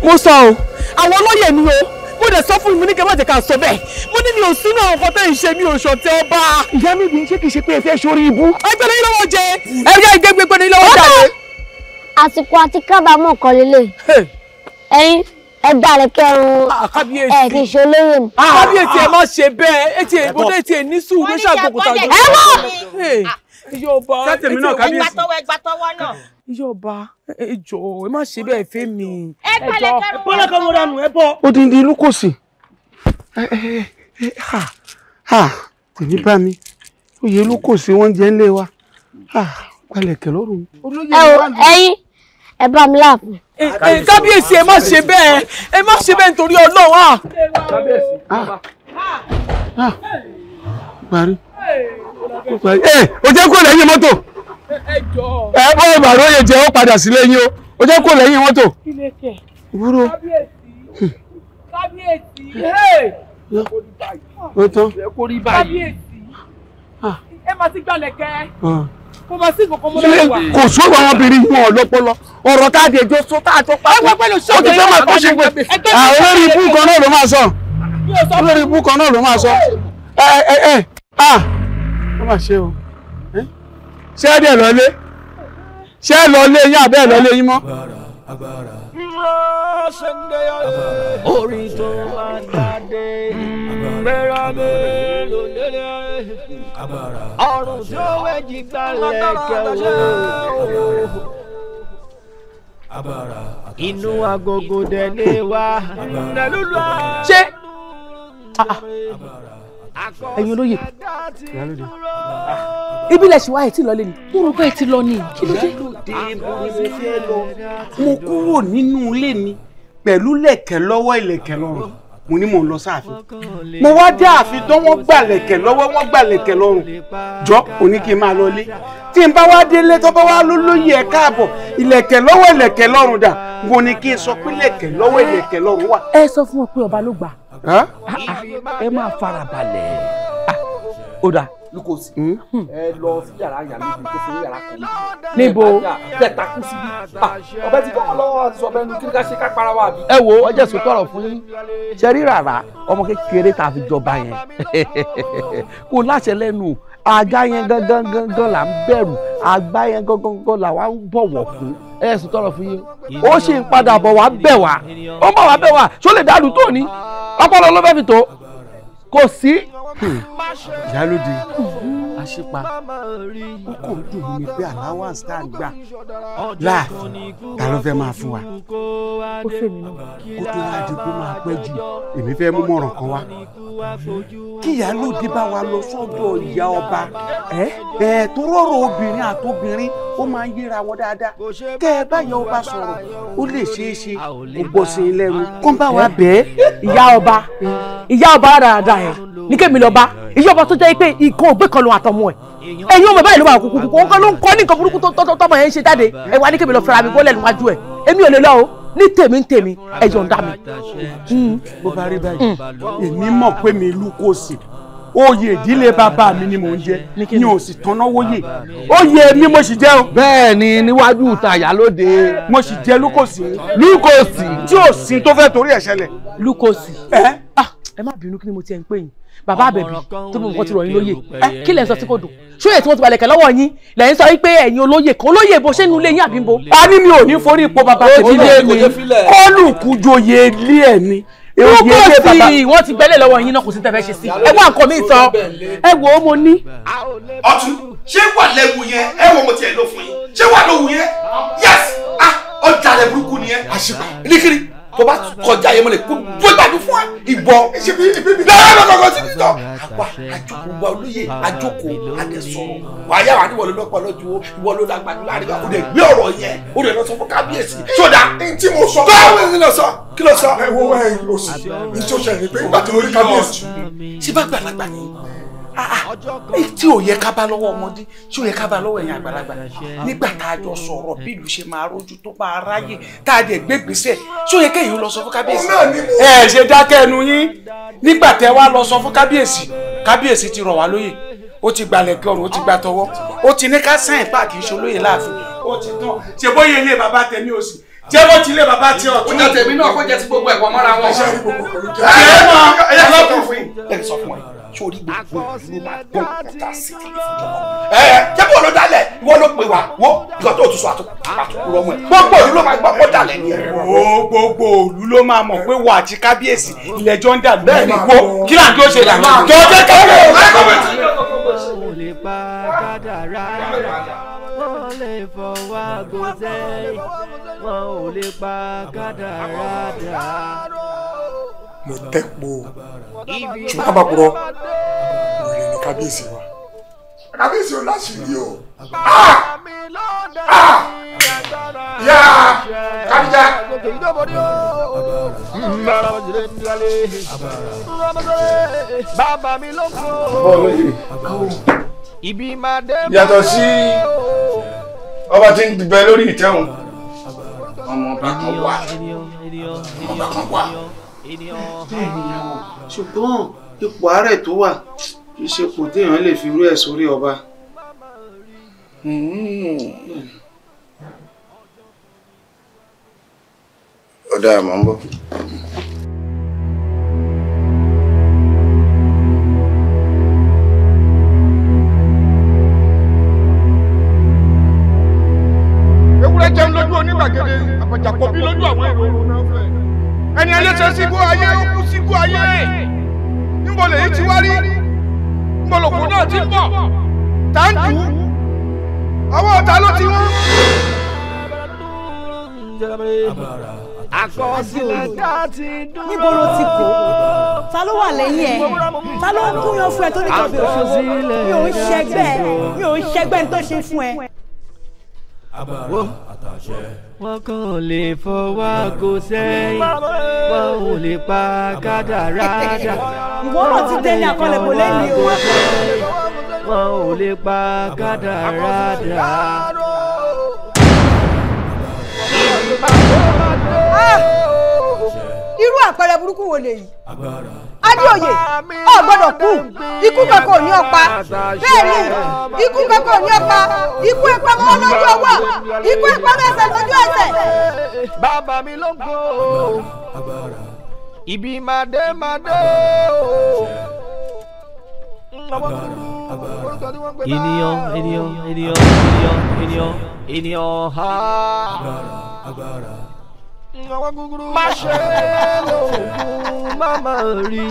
mo sọ o
àwọn olóyè ni o mo dẹ̀ sọ fún mi ní kẹ́mọ́tì ká sọ bẹ́ẹ̀ mo ní mi ò sínú àwọn ọkọ tẹ́ ì ṣe mi ò ṣọ̀tẹ̀ ọba. ìyá mi bí ṣé kìí ṣe pé ẹ fẹ́ sórí ibú. ẹgbẹ́ ní lọ́wọ́ jẹ ẹgbẹ́ ìgbẹ́gbẹ́ ní lọ́wọ́ jẹ. àsìkò àti kábàámọ̀ kọ́ lélẹ̀ ẹ̀yin ẹgbà rẹ kẹrun ah, ah, ẹ kì í ah, kábíyèsí ẹ má ṣe bẹ́ẹ̀
etí ìbúdó etí ẹ ní sùúrù ṣàgbọkùtà jọ. ẹ wọ. ìjọba sátẹmí náà kábíyèsí. ẹ jọ̀ọ́ ẹ má ṣe bẹ́ẹ̀ fẹ́ mi. ẹ gbàlẹ kẹrun. bọlá kan mo dànù ẹ bọ. odindi inú kò sí. kò ní bá mi oyè inú kò sí wọn jẹ ńlẹ wa gbàlẹ
kẹ lọrùn. ẹ o ẹyin ẹ bá mi láàfin. kábíyèsí ẹ má ṣe bẹ́ẹ̀ ẹ má ṣe bẹ́ẹ̀ nítorí ọlọ́wà.
Ah.
Ah.
Ah.
parí eh, o jẹ́ kó lẹ́yìn mọ́tò
ẹ bọ́ ìbàrọ̀ oyè jẹ́ ó padà sí lẹ́yìn o o jẹ́ kó lẹ́yìn mọ́tò. wúrò
hm. kábíyèsí ẹ má ti gbalẹ̀ kẹ́ kò bá sí ìkọ̀kọ̀ mọ́ lọ́wọ́ wa. kò sóòrò àwọn obìnrin wọn ò lọ́pọlọ ọ̀rọ̀ tá a dé jọ sọ tá a jọ pa ó ti fẹ́ máa kó ṣe pé olórí ibú kan náà ló máa sọ olórí ibú kan náà ló máa sọ ẹ ẹ ẹ à ó mà ṣe o ṣé ẹ dẹ̀ lọ lé ṣé ẹ lọ lé yín àbẹ́ ẹ lọ lé yín mọ́. Abara,
agbára. orin tó máa jáde gbéra mélòó lélẹ̀ ọrùn tó wẹ̀jì gbalẹ̀
abara, inú agogo dẹ̀ lé wa. ṣé ẹ̀yin olóye ibi lẹ̀ ṣì wá ẹ̀ tí lọ lé ni. mo rò pé ẹ ti lọ ni kí ló dé. mo kúrò nínú ilé mi pẹ̀lú lẹ̀kẹ̀ lọ́wọ́ ìlẹ̀kẹ̀ lọ́rùn mo ní mò ń lọ sáàfin mo wá dé ààfin tán wọ́n gbàlẹ̀kẹ̀ lọ́wọ́ wọ́n gbàlẹ̀kẹ̀ lọ́rùn jọ òní kí n máa lọlé tí n bá wá délé tó bá wá lólóyè ẹ̀ káàbọ̀ ìlẹ̀kẹ̀ lọ́wọ́ ìlẹ̀kẹ̀ lọ́rùn dà mo ní kí n sọ pé ìlẹ̀kẹ̀ lọ́wọ́ ìlẹ̀kẹ̀ lọ́rùn wà.
ẹ sọ fún ọ pé ọba ló gbà
ẹ máa fara balẹ̀ ó dà. lukosi hmm? Hmm. ẹ lọ sí yàrá yàrá ibi tó fi yàrá kan mi. níbo tẹ̀ta kú sí i ah, ọbẹ̀ tí kọ́kọ́ lọ́wọ́ àti sọ̀bẹ̀ nu kí ni ká ṣe ká para wa bí. ẹ wo ọjọ́ èso tọrọ fún yín ṣe rí rárá ọmọ kékeré tá a fi jọba yẹn kò láṣẹ lẹ́nu ajá yẹn gangan gangan là ń bẹ̀rù àgbá yẹn gangan gangan là wà ń bọ̀wọ̀ fún ẹ sì tọrọ fún yín ó sì ń padà bọ̀ wá bẹ̀ wá ó bọ̀ wá bẹ̀ wá ṣó lè tó ní ọpọlọ ló fẹ́ fi tó kò sí hmm. ìyálóde ṣípa ó kò ń dùn mí pé allowance tá à ń gbà láàfin ta fẹ́ máa fún wa kó tó wá di pé máa pẹ́ jù èmi fẹ́ mú mọ̀ràn kan wá kí ìyálóde bá wa lọ sọ́dọ̀ ìyá ọba ẹ̀ tó rọrùn obìnrin àtobìnrin ó máa ń yíra wọn dáadáa kẹ́ ẹ bá ìyá ọba sọ̀rọ̀ ó lè ṣeé ṣe kó gbọ́ sí i lẹ́nu kó ń bá wa bẹ́ẹ̀. ìyá ọba ìyá ọba dáadáa ẹ ní kémi lọ bá ìyá ọba tó jẹ́ pé ìkan ògbé kan lòun àtọmọ ọmọ ẹ̀ ẹ̀yin ọmọ báyìí ló máa kúkú kúkú nǹkan ló ń kọ́ ní nǹkan burúkú tọ́mọ yẹn ń ṣe jáde ẹ wá ní kébì fẹ́ra mi bọ́lẹ̀ níwájú ẹ̀ èmi ò lè lọ o ní tèmi tèmi ẹ yọ̀ǹda mi. bó hmm. bá rí báyìí hmm. èmi mọ̀ pé mi lú kò sí oyè ìdílé bàbá mi ni mò ń jẹ ni ò sì tanná wóyè oyè mi mo sì jẹ o. bẹ́ẹ̀ ni níwájú tàyà lóde. mo sì jẹ lukosi. lukosi. tí ò sin tó fẹ́ torí ẹ̀ ṣẹlẹ̀. lukosi. ẹ́ ẹ má bínú kí ni mo ti ẹ̀ ń pè yín bàbá àbẹ̀bí tó bọ̀ nǹkan ti rọ̀ yín lóye ẹ kí lẹ̀ ń sọ sí kò dùn ṣó èyí tí wọ́n ti balẹ̀ kẹ́ lọ́wọ́ yín lẹ̀ ń sọ wípé ẹ̀yin olóye kan olóye bó ṣe ń lé yín àbí ń bo. a ní mi ò ní forí ipò bàbá tèmi lé mi kọ́lùkù joyè lé ẹ̀ ni kókó sí wọn ti gbẹlẹ lọ́wọ́ yín náà kò sí tẹfẹ ṣe sí ẹ wá nǹkan mi sọ ẹ wò ó mo ní. ọtún ṣé wà lẹ́wù yẹn ẹ wọ mo tiẹ̀ lọ fún yín ṣé wà lọ́wù yẹn yẹs ah, ọjà rẹ̀ burúkú ni ẹ. àṣìkò níkiri tó bá kọjá yẹn mo lè gbogbo ìgbàdùn fún ẹ ìbọ lọ́wọ́ lọ́kọ̀ọ̀kan sí títọ́ àwa àjòkò wa olóye àjòkò àdẹ̀sọ̀rọ̀ wàá wà ní wọlé lọ́pọ̀ lọ́jọ́ ìwọ ló la gbàdúrà rẹ o lè gbé ọ̀rọ̀ yẹn o lè lọ sọ fún kábíyèsí sódà tí mo sọ báwo ni lọ sọ kí lọ sọ. ẹ wo ẹ oṣù ní tí ní pé ìgbà tó lórí kábíyèsí. ṣé ni Ah, ah. tí ò yẹ ká bá lọ́wọ́ ọmọdé tí ò yẹ ká bá lọ́wọ́ ẹ̀yìn àgbàlagbà nígbà tá a jọ sọ̀rọ̀ bí ìlú ṣe máa rójú tó máa ráyè tá a dẹ̀ gbé gbèsè tí ò yẹ kẹ́yìn lọ sọ fún kábíyèsí ẹ ṣe dákẹ́ ẹnu yín nígbà tẹ́ wá lọ sọ fún kábíyèsí kábíyèsí ti rọ̀ wá lóyè ó ti gbalẹ̀ kí ọ̀run ó ti gba tọwọ́ ó ti ní ká sáyìn páàkì ìṣolóyè láàfin ó ti tán ṣe bóyá ilé jẹ́wọ́ ti lé bàbá tí ọ̀tún. oúnjẹ tèmi náà kó jẹ ti gbogbo ẹ̀kọ́ mọ́ra wọn. ẹ ẹ mọ ọlọ́kùnrin. ẹ sọ fún ẹ sórí gbogbo ìlú máa gbọ́ kọ́tà sí kìlì fún ọmọ. ẹ ẹ jẹ́ kó ló dálẹ̀ ìwọ ló pe wa wo nǹkan tó tún sọ àtúkúrọ̀ mọ́ ẹ gbogbo ìlú ló máa gbọ́ kó dálẹ̀ ní ẹ. wo gbogbo ìlú ló máa mọ̀ pé wà á ti kábíyèsí ilẹ̀ jọ ń dàlú ní wo kí là ń tó ṣe làwọn àjọ jẹ́ kábíyèsí
wọ́n lè fọwọ́ àgùntẹ́ wọn ò lè pa kádàrádà
mo tẹ́po ṣùgbọ́n àbàkùrọ̀ òye ní kábíyèsí wa kábíyèsí o láṣìírí o yá ah! ah! kábíyá. bàbá yàtọ̀ sí ọba tí ń bẹ lórí ìtẹ́hùn ọmọ ọba kan wà ọmọ ọba kan wà ṣùgbọ́n ipò àárẹ̀ tó wà kì í ṣe kò téèyàn lè fi rú ẹ̀ sórí ọba. ọ̀dà àmọ́ ń bọ̀.
dé sígbó ayé ó kú sígbó ayé níbo lèyí ti wá rí
níbo lòkú náà ti ń bọ̀ tá ń jù ú ọwọ́ ọ̀tá ló ti wọ́n. àkọsí òòlù níbo ló ti kó ta ló wà lẹ́yìn ẹ̀ ta ló ń kúyan fún ẹ tó ní kọfí òṣòwò mi ò ń ṣẹgbẹ́ mi ò ń ṣẹgbẹ́ ní tó ṣe fún ẹ.
agbára àtàṣẹ wọ́n kàn lè fọwọ́ àgò sẹ́yìn wọ́n ò lè pa kádàrádà. ìwọ́rọ̀ ti tẹ́lẹ̀ àkọlẹ̀ kò lẹ́yìn o. wọ́n ò lè pa kádàrádà.
Ah! irú àpẹẹrẹ burúkú wo lèyí. agbára adéoyè ọ gbọ́dọ̀ kú ikú kankan ò ní ọpa bẹ́ẹ̀ ni
ikú kankan ò ní ọpa ikú ẹpẹ mọ
lójú ọwọ́ ikú ẹpẹ mẹsẹ lójú ẹsẹ̀.
bàbá mi ló ń gbó
ibi màdé màdé mm, o
ènìyàn ènìyàn ènìyàn ènìyàn ènìyàn ha má ṣe lóògùn má má rí.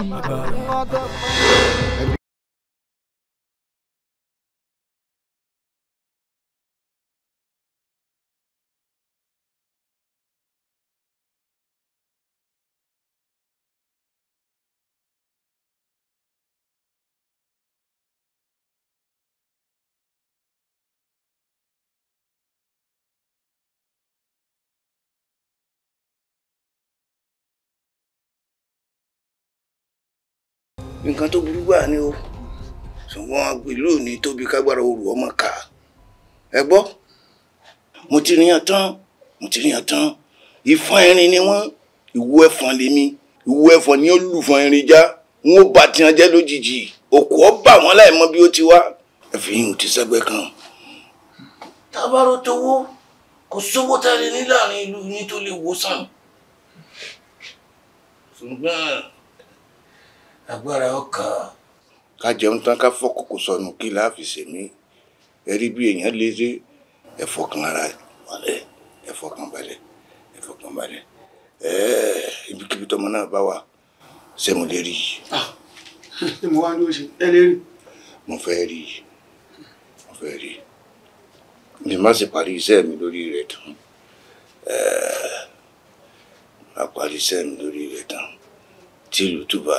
nǹkan tó burú gbà ni o ṣùgbọ́n ìlú ò ní tóbi kágbára orù ọmọ ká ẹ gbọ́
mo ti ríyan tán mo ti ríyan tán ìfọn irin ni wọ́n ìwú ẹ̀fọn lèmi ìwú ẹ̀fọn ni ó lùfọn irin já wọn ó bá tiwọn jẹ́ lójijì òkú ọ bà wọ́n láì mọ bí ó ti wá ẹ̀fìn ti sẹ́gbẹ́ kan. tábàrò tówó kò sówó tẹ́lẹ̀ ní láàrin ìlú ní tó lè wò sàn. ṣùgbọ́n agbára ọkàn. ká jẹun tán ká fọ́ sọnù kí la fi ṣèmí ẹ rí bí èèyàn lè ṣe ẹ fọkàn ara balẹ̀ ẹ fọkàn balẹ̀ ẹ fọkàn balẹ̀ ẹ ibikíbi tọmọ náà bá wà sẹ́mu lè rí i. mo wá ní o ẹ lè rí. mo fẹ́ rí i mo fẹ́ rí i mi má sì parí iṣẹ́ mi lórí rẹ̀ tán má parí iṣẹ́ mi lórí rẹ̀ tán tìlù túbà.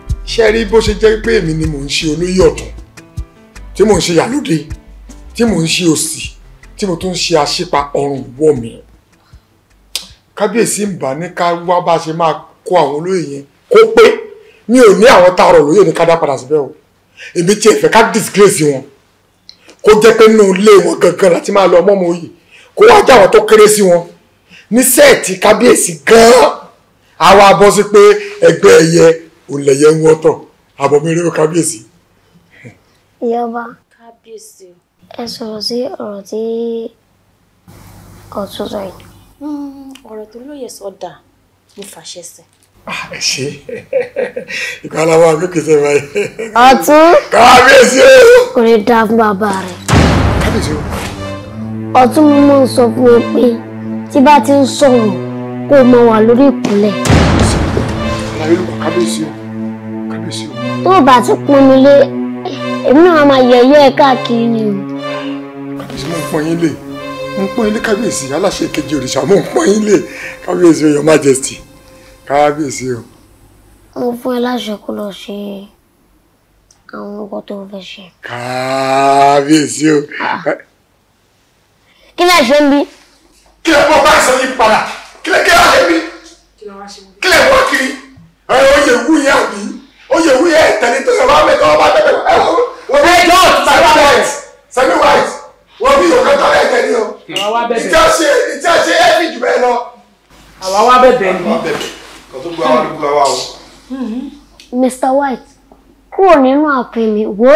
ṣe rí bó ṣe jẹ́ pé èmi ni mò ń ṣe olóyè ọ̀tún tí mò ń ṣe yàlódé tí mò ń ṣe òsì tí mo tún ṣe àṣepa ọrùn wọ̀ mi kábíyèsí ń bà ní ká wá bá ṣe máa kó àwọn olóyè yẹn kó pé mi ò ní àwọn tá a rọ̀ lóyè ní ká dá padà síbẹ̀ o èmi tiẹ̀ fẹ́ ká disgrace wọn kó jẹ́ pé nínú ilé wọn gangan láti máa lọ ọmọ mọ òye kó wá jáwọ́ tó kéré sí wọn ní sẹ́ẹ̀tì kábíyèsí gan-an àwa bọ́ sí pé ẹgbẹ́ ẹ̀yẹ olẹyẹ ń wọtọ àbọmírí ó kábíyèsí.
ìyọba kábíyèsí. ẹ sọ̀rọ̀ sí ọ̀rọ̀ tí ọ̀tún sọ yìí.
Hmm, ọ̀rọ̀ tó lóye sọ dà mo fàṣẹ sí. Ah, ẹ ṣe
ìgbà aláwọ àgbékèsè rẹ. ọ̀tún
kábíyèsí o. kò lè dá fún bàbá rẹ. kábíyèsí o. ọ̀tún mo máa ń sọ fún ẹ pé tí bá ti ń sọ̀rọ̀ kó o máa wà lórí ìkúnlẹ̀.
àlàyé olùkọ́ kábíyèsí o
yọrí sí o. tó o bá tún pinnu lé èmi náà máa yẹ̀yẹ́ ẹ káàkiri ni o.
kàbíyèsí mo ń pọ́n yín lè mo ń pọ́n yín lé kábíyèsí aláṣẹ kejì òrìṣà mo ń pọ́n yín lè kábíyèsí o your majesty kábíyèsí o.
mo fún ẹ láṣẹ kó lọ ṣe àwọn ọkọ tó fẹ́ ṣe.
kábíyèsí o. Ah.
kí ni àṣẹ ń bí.
kí lè bọ́ bá àṣẹ yìí padà kí lè kí lè àṣẹ bí kí lè wá kiri ẹ̀rọ yẹ̀wù yẹn àbí ó yẹ wúyẹ tẹ̀lé tó yẹ wọ́n mẹ́tọ́ ọba tẹ̀lé ẹ wọ́n bí yóò sẹ́mi white sẹ́mi white wọ́n bí yóò kẹ́tọ́ ẹ̀ tẹ̀lé o ìjà ṣe ìjà ṣe ẹ̀ fi jù bẹ́ẹ̀ lọ. àwa wá bẹ̀bẹ̀ ni. àwa bẹ̀bẹ̀ wa o.
Mr.
Mm-hmm. White kúrò nínú àpè mi wo.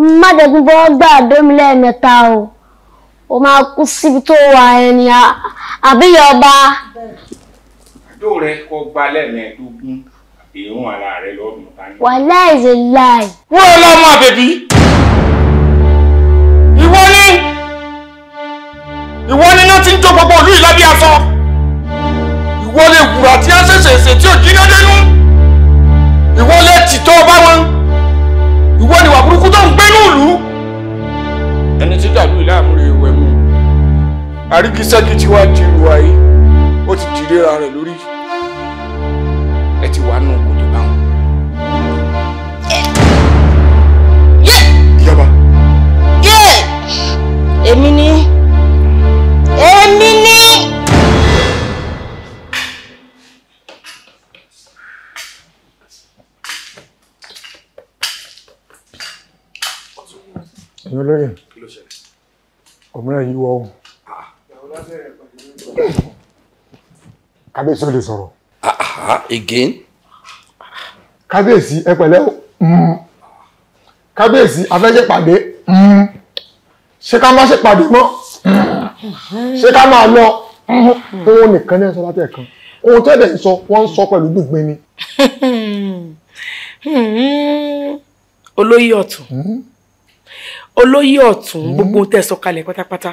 ó má dẹ̀kun bọ́ gbà dómi lẹ́ẹ̀mẹ́ta o o máa kú síbi tó wà ẹni àbíyọba.
àdó rẹ kọ gbalẹ̀ mẹ́ẹ̀ẹ́dógún ìhun ara rẹ lọ́dún ta
ni. wàhálà is a lie. wọ́n ò lọ mọ bèbí. ìwọ ni ìwọ ni náà ti ń jó gbogbo ìlú ìlàbí aṣọ.
ìwọ lè wùrà tí a ṣẹ̀ṣẹ̀ ṣe tí ò jiná dénú. ìwọ lè tì tó bá wọn. ìwọ ni wà burúkú tó ń gbé ní ìlú. ẹni tí dàlú ìlà àmúre ìwẹ̀ mu àríkísẹ́kì tí wàá di ìwà yìí ó ti jìrera rẹ̀ lórí ẹ ti wà nù kòtò báwọn.
ìjọba. èmi ni èmi ni.
ẹ̀yin
olóyè òmìnira yìí wọ́ ọ́ ah. kábíyèsí ò lè sọ̀rọ̀ again. kábíyèsí ẹ pẹ̀lẹ́ o hmm. kábíyèsí afẹ́jẹ́ pàdé hmm. ṣé ká má ṣe pàdé mọ́
hmm. ṣé ká máa lọ
òun nìkan ní ẹ sọ láti ẹ̀kan ohun tó ẹ̀dẹ̀ ń sọ wọ́n ń sọ pẹ̀lú gbùngbìn ni. olóyè ọ̀tún olóyè ọ̀tún gbogbo tẹ́ sọ kalẹ̀ pátápátá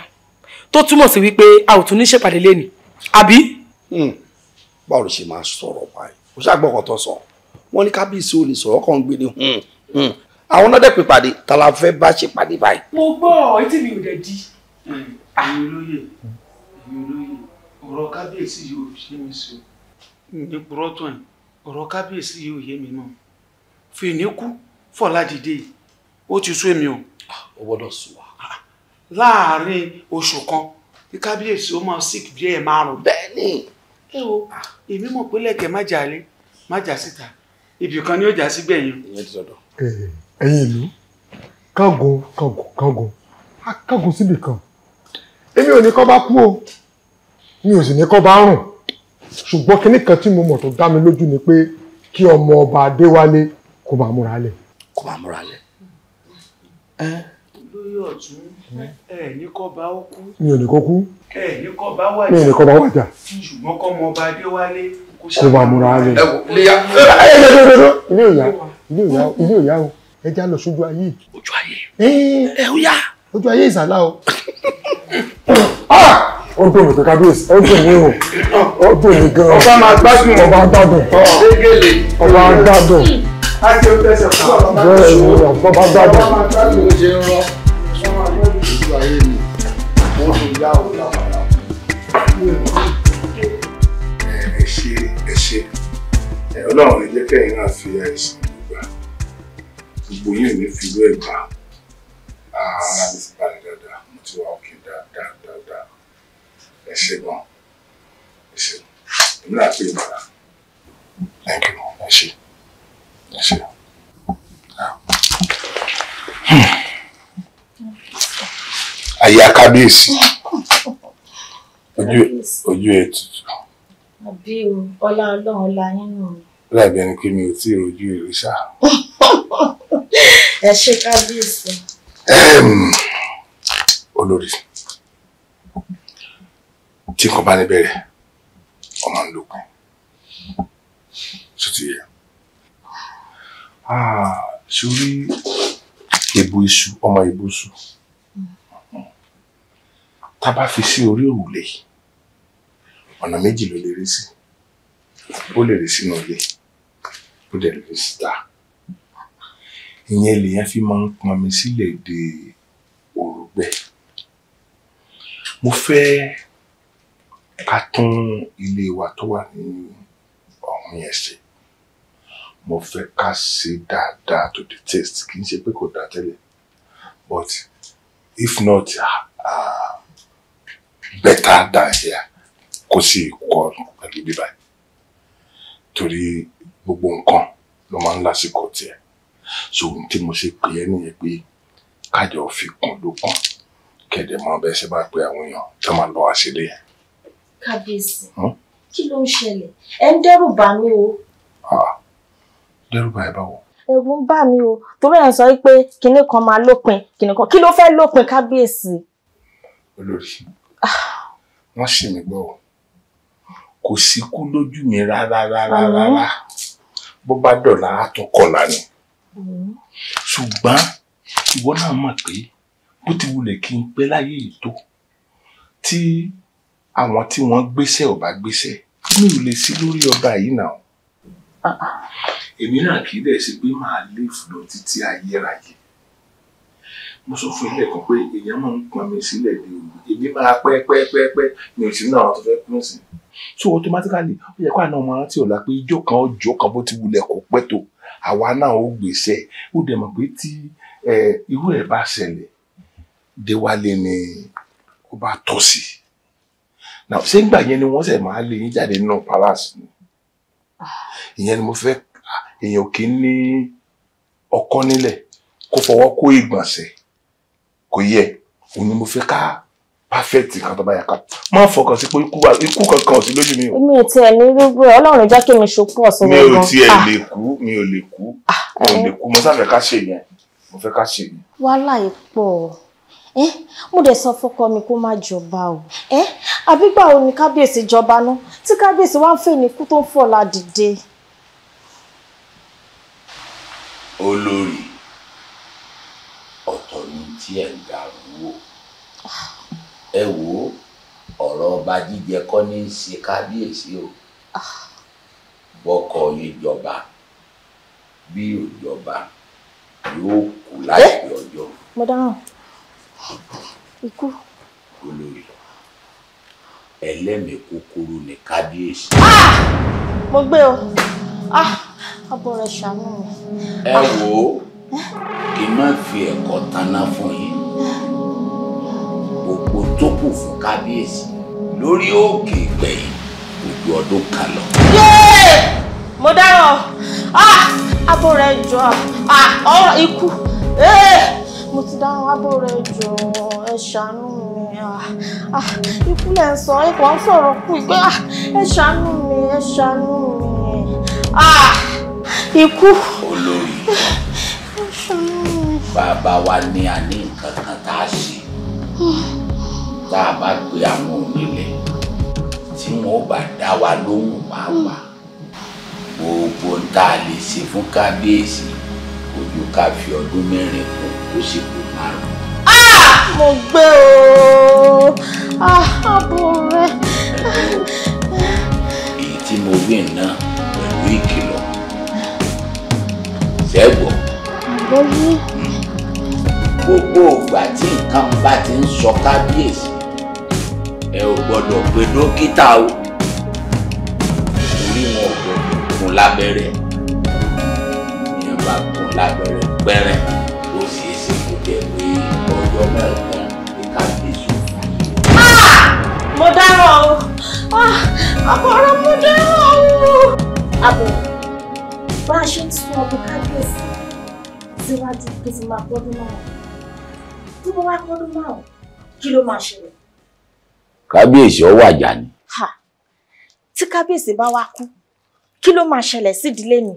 tó túmọ̀ o wípé a ò tún ní ṣèpàdé lẹ́nu àbí báwo ló ṣe máa sọ̀rọ̀ báyìí kò ṣàgbọ́kọ̀ tó sọ wọ́n ní kábíyèsí ò lè sọ̀rọ̀ kàn gbé ni hmm, hmm. àwọn náà dẹ̀ pé pàdé ta la fẹ́ bá ṣe pàdé báyìí. mo gbọ́ etí mi ò dẹ̀ di. Hmm, èmi olóyè èmi olóyè ọ̀rọ̀ kábíyèsí yóò ṣe mí sọ. ní burọ́tún ẹ̀ ọ̀rọ̀ kábíyèsí yóò yé mi náà fèèní kú fọlá dìde ó ti sú èmi o. Ah, ó gbọ́dọ̀ sùn wá. Ah, láàárín oṣù kan ní kábíyèsí ó máa sick bí ẹ̀ márùn-ún. bẹ́ẹ̀ ni ẹ wo ah. èmi mọ̀ pé lẹ́kẹ̀ẹ́ má jà lé má jà síta ibì kan ni ó jà sí gbẹ̀yìn. ìyẹn ti sọ̀dọ̀. ẹ̀yin ìlú kángun kángun kángun kángun síbì kan èmi ò ní kọ́ bá kú o mi ò sì ní kọ́ bá rùn ṣùgbọ́n kinní kan tí mo mọ̀ tó dá mi lójú ni pé kí ọmọ ọba adéwálé kó máa múra lẹ̀.
kó máa múra lẹ̀.
lórí ọ̀tún ẹ ní kọ́ bá ó kú. mi ò ní kó kú. ẹ ní kọ́ bá wàjà. mi ò ní kọ́ bá wàjà. ṣùgbọ́n kọ́ mọ ọba Adéwálé. kó bá múra rẹ̀. ẹ wò léyà. ilé òyà ilé òyà ilé òyà o ẹ já lọ sójú ayé. ojú ayé. ẹ ó yá. ojú ayé ìsàlá o. ó dùn mí kábíyèsí ó dùn mí o ó dùn mí gan. ọba máa gbádùn. ọba gbádùn. ọba gbádùn. a ti ń tẹsẹ̀ fún ọba gbádùn. ọba gbádùn. ọba gbádùn dá o dá padà ẹ ṣe ẹ ṣe ẹ ọlọ́run ẹ jẹ́ kẹ́yìn náà fi àìsàn gbà gbogbo yín ní fi ló ẹ̀gbà ara mi ti balẹ̀ dáadáa mo ti wà òkè dáadáa dáadáa ẹ ṣe gan é bàrà ẹ kí wọn ojú ẹ tutù.
àbí o ọlá ọlọ́run ọlá yín nù mí.
láìbí ẹni pé mi ò tí ì rojú ìrìṣà.
ẹ ṣe kábíyèsí.
Ehm, olórí tí nǹkan bá ní bẹ̀rẹ̀ ọmọ ń lókun ṣùtì yẹ. sórí ah, èbù iṣu ọmọ èbù iṣu mm. tá a bá fi sí orí òrùlé yìí ọ̀nà méjì ló lè rí sí ó lè rí sínú ilé ó lè rí síta ìyẹn lèyàn fi máa ń pọnmi sílẹ̀ de òrùgbẹ mo fẹ́ ká tún ilé wa tó wà ní ọ̀hún yẹn ṣe mo fẹ́ ká ṣe dáadáa to the test kì í ṣe pé kò dá tẹ́lẹ̀ but if not uh, better than here kó sí ìkọ ọ̀run pẹ̀lú bíbá torí gbogbo nǹkan ló máa ń lásìkò tiẹ̀ so ohun tí mo ṣe pè é nìyẹn pé kájọ fi kún lókun kẹ̀dẹ̀ mọ́ bẹ́ẹ̀ ṣe máa pe àwọn èèyàn tó máa lọ wá sílé yẹn.
kábíyèsí kí ló ń ṣẹlẹ̀ ẹ ń dẹ́rù bà mí o.
dẹ́rù bà ẹ báwo.
ẹ̀rù ń bà mí o torí ẹ̀ ń sọ pé kinní kan máa lópin kinní kan kí ló fẹ́ lópin kábíyèsí.
olórí wọ́n ṣì mí gbọ́ o kò síkú lójú mi rárá rárá mm-hmm. rárá bó bá dọ̀là á tún kọ̀là ni mm-hmm. ṣùgbọ́n ìwọ náà mọ̀ pé bó ti wulẹ̀ kí n pẹ́ láyé yìí tó tí àwọn tí wọ́n gbéṣẹ́ ò bá gbéṣẹ́ mi ò lè sí lórí ọba yìí náà èmi náà kì í dẹ̀ ṣe pé màá lè fúlọ títí ayérayé mo sọ fún ilé kan pé èèyàn máa ń pọn sílẹ̀ dé òru èmi máa pẹ́ pẹ́ pẹ́ pẹ́ mi ò sí náà tó fẹ́ pín sí i so automatically ó yẹ kó àná ọmọ rántí ọ̀la pé ijó kan ọjọ́ kan bó ti wulẹ̀ kó pẹ́ tó àwa náà ó gbèsè ó dẹ̀ mọ̀ pé tí irú ẹ̀ bá ṣẹlẹ̀ déwálé ni ó bá tọ́ sí now ṣé ń gbà yẹn ni wọ́n ṣẹ̀ máa lè yín jáde nínú palace ni ìyẹn ni mo fẹ́ èèyàn kì í ní ọkọ́ nílẹ̀ kó fọwọ́ kó ìgbọ̀nsẹ̀ kò yẹ òun ni mo fẹ́ ká perfect kan tó bá yà ká má fọkàn sí pé ikú kankan ò sí lójú mi o.
mi ò tiẹ̀ ní rúgbó ọlọ́run jẹ́ kí mi ṣokú ọ̀sán mi ò tiẹ̀ ah.
lè kú mi ò lè kú ah, mi ò eh. lè kú mo sáfẹ́ ká ṣe yẹn mo fẹ́ ká ṣe yẹn.
wàhálà yìí pọ̀ eh, mo dẹ̀ sọ fọkọ mi kó má jọba o ẹ́ eh, àbígbà wo ni kábíyèsí jọba ná tí kábíyèsí wá ń fẹ́ ní ikú tó ń fọ̀ ládìde.
olórí ọ̀tọ̀ ni tí ẹ̀ ń ẹ wò ó ọ̀rọ̀ ọba jíjẹ kọ́ ní í ṣe kábíyèsí o ah. bọ́kọ yín jọba bí yóò jọba yóò kú láti eh! ọjọ́. mo dáhùn ikú. olórí ẹlẹ́mìí kúkúrú ni kábíyèsí. Ah!
mo gbé o ọbọ ah! rẹ ṣàánú mi.
ẹ wò kí n má fi ẹ̀kọ́ tanná fún yín gbogbo tó kù fún kábíyèsí lórí òkè ìgbẹ̀yìn gbogbo ọdún kan lọ.
mo dáràn ah! abọ́ rẹ̀ jọ ah! ọ̀rọ̀ ikú eh! mo ti dáràn abọ́ rẹ̀ jọ ẹ ṣàánú mi ah! ikú lẹ̀ ń sọ ikọ̀ ń sọ̀rọ̀ kú ìgbẹ́ ẹ ṣàánú mi ẹ ṣàánú mi ikú.
olórí bàbá wa ni a ní nǹkan kan tá a ṣe tá a bá pe àwọn onílẹ̀ tí wọ́n bá dá wa lóhùn pàápàá gbogbo ń tá a lè ṣe fún kábíyèsí ojú ká fi ọdún mẹ́rin kún ó sì kú márùn.
Ah! mo gbé o ààbò ah, rẹ.
èyí tí mo wí náà pẹ̀lú ìkìlọ̀ ṣẹ́gbọ̀. àgbọ̀ yìí. Hmm gbogbo ìgbà tí nǹkan bá ti ń sọ kábíyèsí ẹ ò gbọ́dọ̀ pe dókítà o torí wọn ò gbọ́dọ̀ kún lábẹ́rẹ́ ìyẹn bá kún lábẹ́rẹ́ pẹ́rẹ́ ó sì é ṣe kó jẹ́ pé ọjọ́
mẹ́rin
ní kábíyèsí ò fún mi. Ah! mo dára o ah!
àbọ̀rọ̀ mo dára o.
àbọ̀ bá a ṣe ń tún ọdún kábíyèsí síwájú pé ti máa gbọ́dún náà bí mo wá kọ́ ló máa ò kí ló máa ṣẹlẹ̀.
kábíyèsí ọ wàjà ni.
tí kábíyèsí bá wá kú kí ló máa ṣẹlẹ̀ sídìílé mi.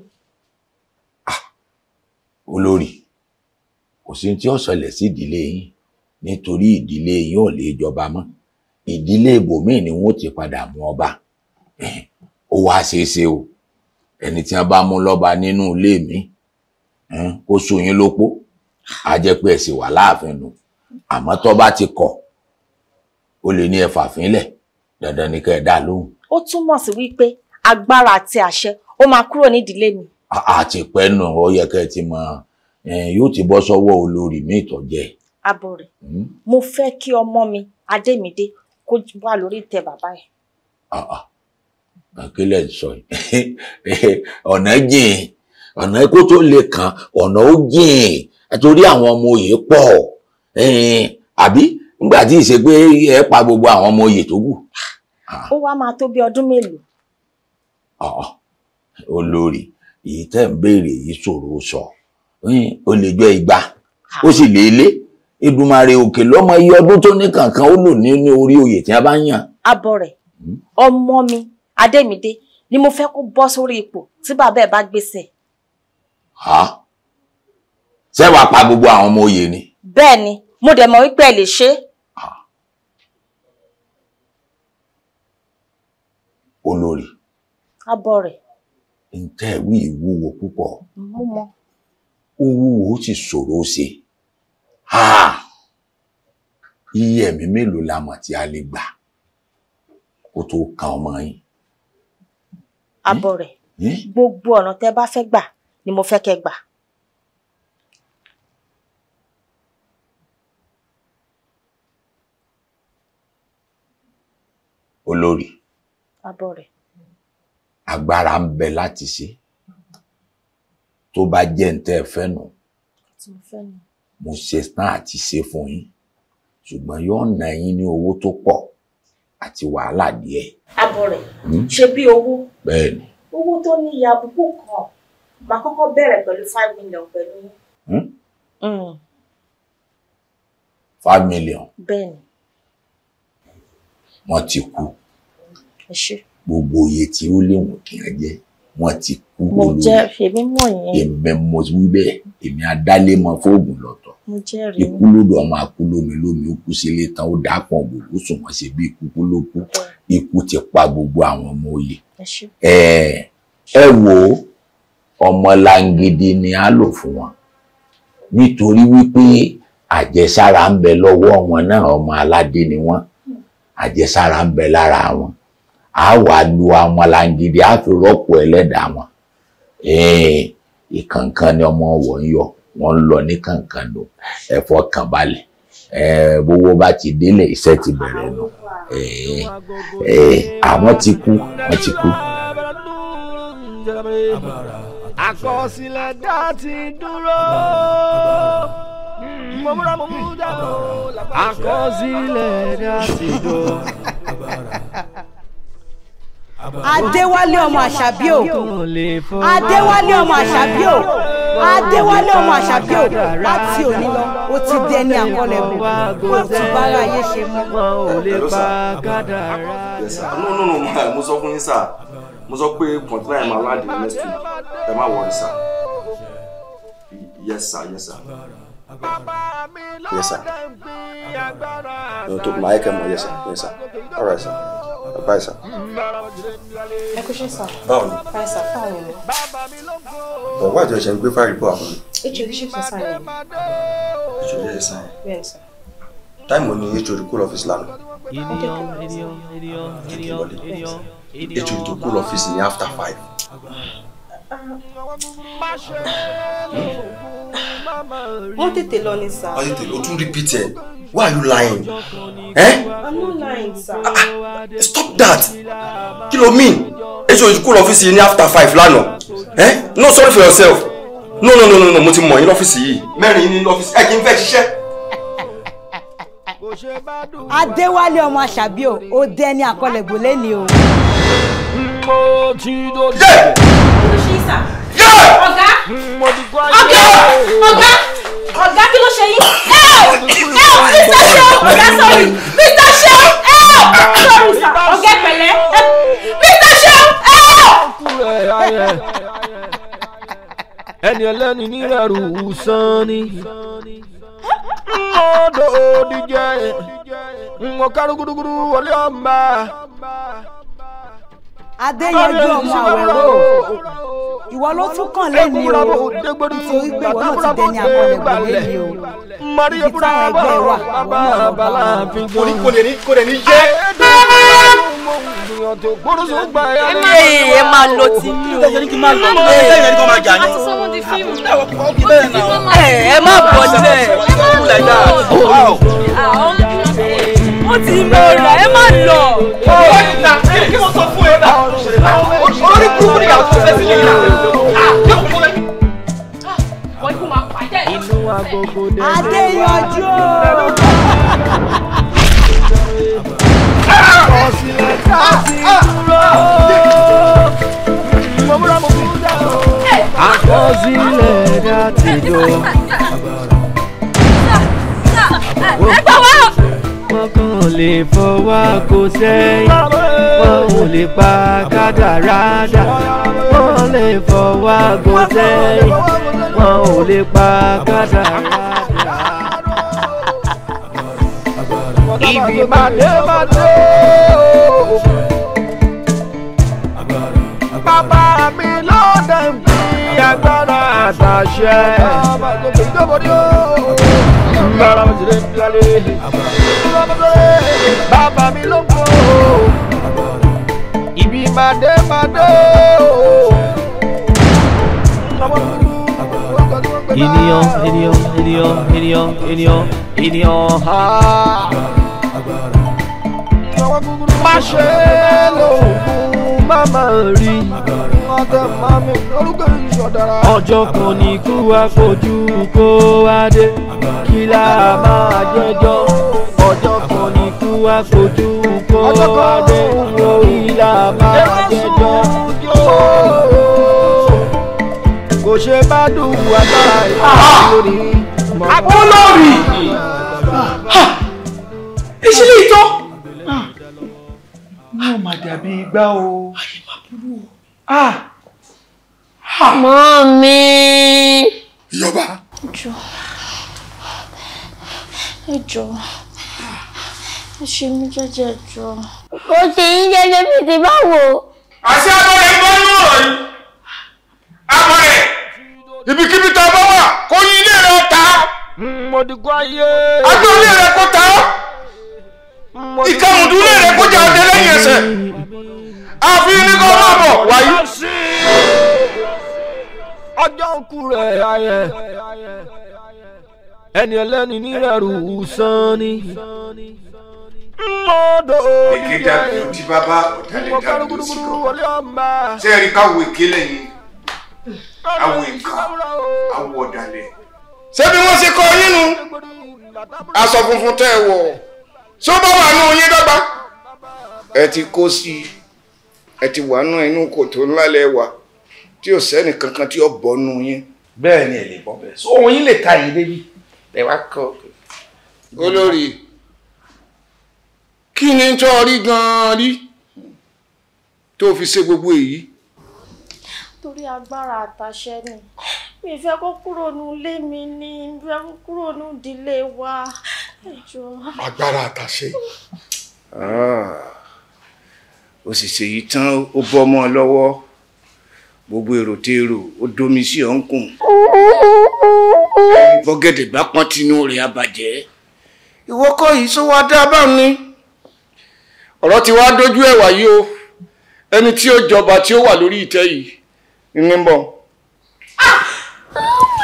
olórí kò sí tí ó ṣẹlẹ̀ sídìílé yín nítorí ìdílé yín ò lè jọba mọ́ ìdílé ibòmíì ni wọn ti padà mú ọba ó wá ṣeéṣe o ẹni tí wọn bá mú lọ́ba nínú ilé mi kó sóyin lópó a jẹ́ pé ẹ sì wà láàfin nù àmọ́ tó bá ti kọ̀ ó lè ní ẹ̀fà fínlẹ̀ dandan ni kẹ́ ẹ dá lóhùn.
ó túmọ̀ sí wípé agbára àti àṣẹ ó máa kúrò nídìílé mi.
àti pẹ́ẹ́nù ó yẹ kẹ́ ẹ ti mọ yóò ti bọ́ sọ́wọ́ olórí mi ìtọ́jẹ́.
abo rẹ hmm? mo fẹ́ kí ọmọ mi Adémídé kó wà lórí ìtẹ́ bàbá ẹ̀.
àkílẹ̀ sọ ọ̀nà jìn ọ̀nà kó tó le kàn ọ̀nà ó jìn torí àwọn ọmọ oyè pọ̀ àbí nígbà tí ìṣe pé ẹ pa gbogbo àwọn ọmọ oyè tó kù.
Ah. ó wá máa tó bí ọdún mélòó.
Ah, ah. olórí èyí tẹ́ ń béèrè yìí ṣòro sọ ó lè jọ igba ó sì lè lé Èdùmàrè òkè lọ́mọ iye ọdún tó ní kankan ó lò nínú orí oyè tí a bá yàn.
abọ rẹ hmm? ọmọ mi Adémídé ni mo fẹ́ kó bọ́ sórí ipò tí bàbá ẹ̀ bá gbèsè.
ha ṣé wàá pa gbogbo àwọn ọmọ oyè ni.
bẹ́ẹ̀ ni mo dẹ̀ mọ̀ wípé ẹ lè ṣe. Ah. olórí. abọ rẹ̀.
ǹjẹ́ ìwí ìwúwo púpọ̀. mo mọ. ó wúwo ó sì ah. iye ẹ̀mí mélòó la mọ̀ tí a lè gbà kó tó kan
ọmọ yín. abọ rẹ̀ hm? Hm? gbogbo ọ̀nà tẹ́ bá fẹ́ gbà ni mo fẹ́ kẹ́ gbà. olórí. abọ́ rẹ̀.
agbára ń bẹ láti ṣe tó bá jẹ́ ń tẹ́ ẹ fẹ́ nù mo ṣe tán àti ṣe fún yín ṣùgbọ́n yóò ná yín ní owó tó pọ̀ àti wàhálà díẹ̀.
abọ́ hmm? ṣe bí owó. owó tó ní ìyá àbùkù kan màá kọ́kọ́ bẹ̀rẹ̀ pẹ̀lú five million pẹ̀lú yín. Hmm? Hmm.
five million. bẹ́ẹ̀ni wọ́n ti kú gbogbo oyè tí ó léwu kí n jẹ wọ́n ti kú olórí èmi mo wí bẹ́ẹ̀ èmi adálémọ fóògùn lọ́tọ̀ ikú lódò ọmọ akú lómi lómi ó kú sílé tán ó dàpọ̀ gbogbo sùn wọ́n ṣe bí ikú kú ló kú ikú ti pa gbogbo àwọn ọmọ oyè ẹ wo ọmọ langidi ni a lò fún wọn nítorí wípé àjẹsára ń bẹ lọ́wọ́ wọn náà ọmọ aládé ni wọ́n àjẹsára ń bẹ lára wọn a wà lu àwọn alangidi a fi rọ́pò ẹlẹ́dàá wọn ìkànkan ni ọmọ wọn yọ wọn ń lọ ní kànkan lò ẹ̀fọ́ kàn balẹ̀ gbogbo bá ti délé iṣẹ́ ti bẹ̀rẹ̀ nù àwọn ti kú wọ́n ti kú.
àkọsílẹ̀
dá ti dúró
àkọsílẹ̀ ni a ti dọ̀. Adéwálé ọmọ
Àṣàbí o Adéwálé ọmọ Àṣàbí o
Adéwálé ọmọ Àṣàbí o
láti òní lọ ó ti dẹni àkọlẹ̀ mú
wọ́n ti bára ayé ṣe mú. no no no mo sọ fún yín sá mo sọ pé kọ̀ǹtínà ẹ̀ máa láàdì next week ẹ má wọrí sá yes sir Yes, sir. You took my camera, yes, sir. Yes, sir. All right, sir. Bye, sir.
Ẹ kú ṣe sọ. Báwo ni? Báyìí sọ, báwo ni?
Bọ̀ wá ìjọ ṣe ń gbé fáìlì bọ̀ àbọ̀.
Ejò kí ṣe fẹ́ sáyẹn.
Ejò kí ṣe sáyẹn. Bẹ́ẹ̀ sọ. Táìmù ni Ejò rí kúrò ọ́fíìsì lánàá. Ejò tó kúrò ọ́fíìsì ní after five
wọ́n tètè lọ ní sá.
wọ́n tètè lọ tún repeat ẹ̀ why are you lying? Eh?
I'm not lying sir. Ah, ah stop
that Kill me. It's èso school office. yìí ní after five lano. eh? no sorry for yourself no no no no, no. mo ti mọ̀ yín lọ́fíìsì yìí mẹ́rin yín ní lọ́fíìsì ẹ̀ kí n fẹ́
o ó dẹni àkọlẹ̀gbò lẹ́ni o. mo
sà. ọ̀gá
ọ̀gá ọ̀gá ọ̀gá kí ló ṣe yín. ẹ ò ẹ ò mr
sheo ọ̀gá sọ̀rì
mr sheo ẹ ò sọ̀rì sà ọ̀gá pẹ̀lẹ́
mr sheo ẹ ò ẹni ẹlẹ́ni nírẹ̀rù sàn ni. mọ́dọ̀
òdìjẹ́ ńwọ̀n kárúgúdúgúdú wọlé ọ̀mbà. adéyanjú ọmọ àwẹ̀wò ìwọ ló tún kàn lẹ́nu o nítorí pé ìwọ náà ti dẹni àkọlẹ̀ lẹ́nu
o ibi táwọn ẹgbẹ́ wà
àwọn náà wọ́n bá wọn. kò lè ní kò lè ní yé. ẹ máa lọ tí yín
o ẹ má bọ̀ jẹ́ ẹ má bọ̀ jẹ́ ti mọ ọ̀rọ̀ ẹ má lọ. ọ̀rọ̀ ìta kí mo sọ fún ẹ náà olórí kúrú ni àwọn tó fẹ́ sílẹ̀ yìí wọ́n kú máa pàdé. inú agogo dé. adéyanjú. ọ̀sìnlẹ̀ ta sí o. ẹ gbà wá kọ́kàn lè fọwọ́ kó sẹ́yìn wọn ò lè pa kádàrádà wọn lè fọwọ́ kó sẹ́yìn wọn lè pa kádàrádà.
Ibi màdé màdé Bàbá mi ló dẹ̀ ń bí agbára àtàṣẹ. Bàbá mi ló dẹ̀ ń bí agbára àtàṣẹ bàbá mi ló gbó ibi màdé màdó.
ènìyàn ènìyàn ènìyàn ènìyàn ènìyàn ènìyàn ha. má ṣe lóògùn má máa rí ọjọ́ kan ní kú wa fojú kó wá dé kí láà máa jẹjọ́ ọjọ́ kan ní kú wá fojú kó adé lórí làbá jẹjọ́ kò ṣe
bá dùn agbára ìlú lórí. Agbólórí ìṣílẹ̀ ìtọ́. Ní ọmọ àdàbí igbá
o. Ayé
máa burú o. Mọ́mí.
Ìyọba. Ìjọ. Ìjọ ó ṣe mí jẹ́jẹ́ jọ. kò sí jẹ́jẹ́ mi ti bá wò.
àṣé abọ́rẹ̀ ń bọ́ ní ọ̀rọ̀ yìí
abọ́rẹ̀ ibikíbi tó bá wà kó yí ilé rẹ ta. mo ti kọ́ ayé. agbó ilé rẹ kó ta ọ́
ìkàmùdú ilé rẹ kó jà ọdẹ lẹ́yìn ẹsẹ̀ àfi ní kó máa bọ̀ wáyé.
ọjọ́ ń kú rẹ̀ ayẹ ẹni ẹlẹ́ni nírẹ̀rù sàn ni mọ́dọ̀ òní rẹ̀. èké dàbí ojú bàbá ọ̀dàlẹ̀ dàbí ojú bàbá. ṣé ẹ rí káwọ èké lẹ́yìn àwọ ìka àwọ ọ̀dàlẹ̀. ṣé bí wọ́n ṣe kọ́ yín nu aṣọ funfun tẹ́ ẹ wọ̀ ṣé ó bá wà nù yín dọ́gba. ẹ ti kó sí i ẹ ti wà nù inú kòtò ńlá lẹ wà tí ò sẹ́ni kankan tí ó bọ́ nù yín. bẹ́ẹ̀ ni ẹ lè bọ́ bẹ́ẹ̀ so ohun yín lè ta yín débi ẹ wá kọ́. olórí. Okay kí ni tó rí gan-an rí tó fi ṣe gbogbo èyí.
torí agbára àtàṣẹ ni mi fẹ́ kó kúrò nílé mi ni mi fẹ́ kó kúrò nídìílé wa ẹjọ. agbára
àtàṣe ah, ó sì ṣèyí tán ó bọ́ mọ́ ọ lọ́wọ́ gbogbo èrò tí èrò ó domi sí ọ̀nkùn bọ́gẹ̀dẹ̀ bá pọ́n tinú rẹ̀ abàjẹ́ ìwọ́kọ̀ yìí sọ wá dá ni ọ̀rọ̀ ti wá dójú ẹ̀ wáyé o ẹni tí ó jọba tí ó wà lórí ìtẹ́ yìí ní ń bọ̀.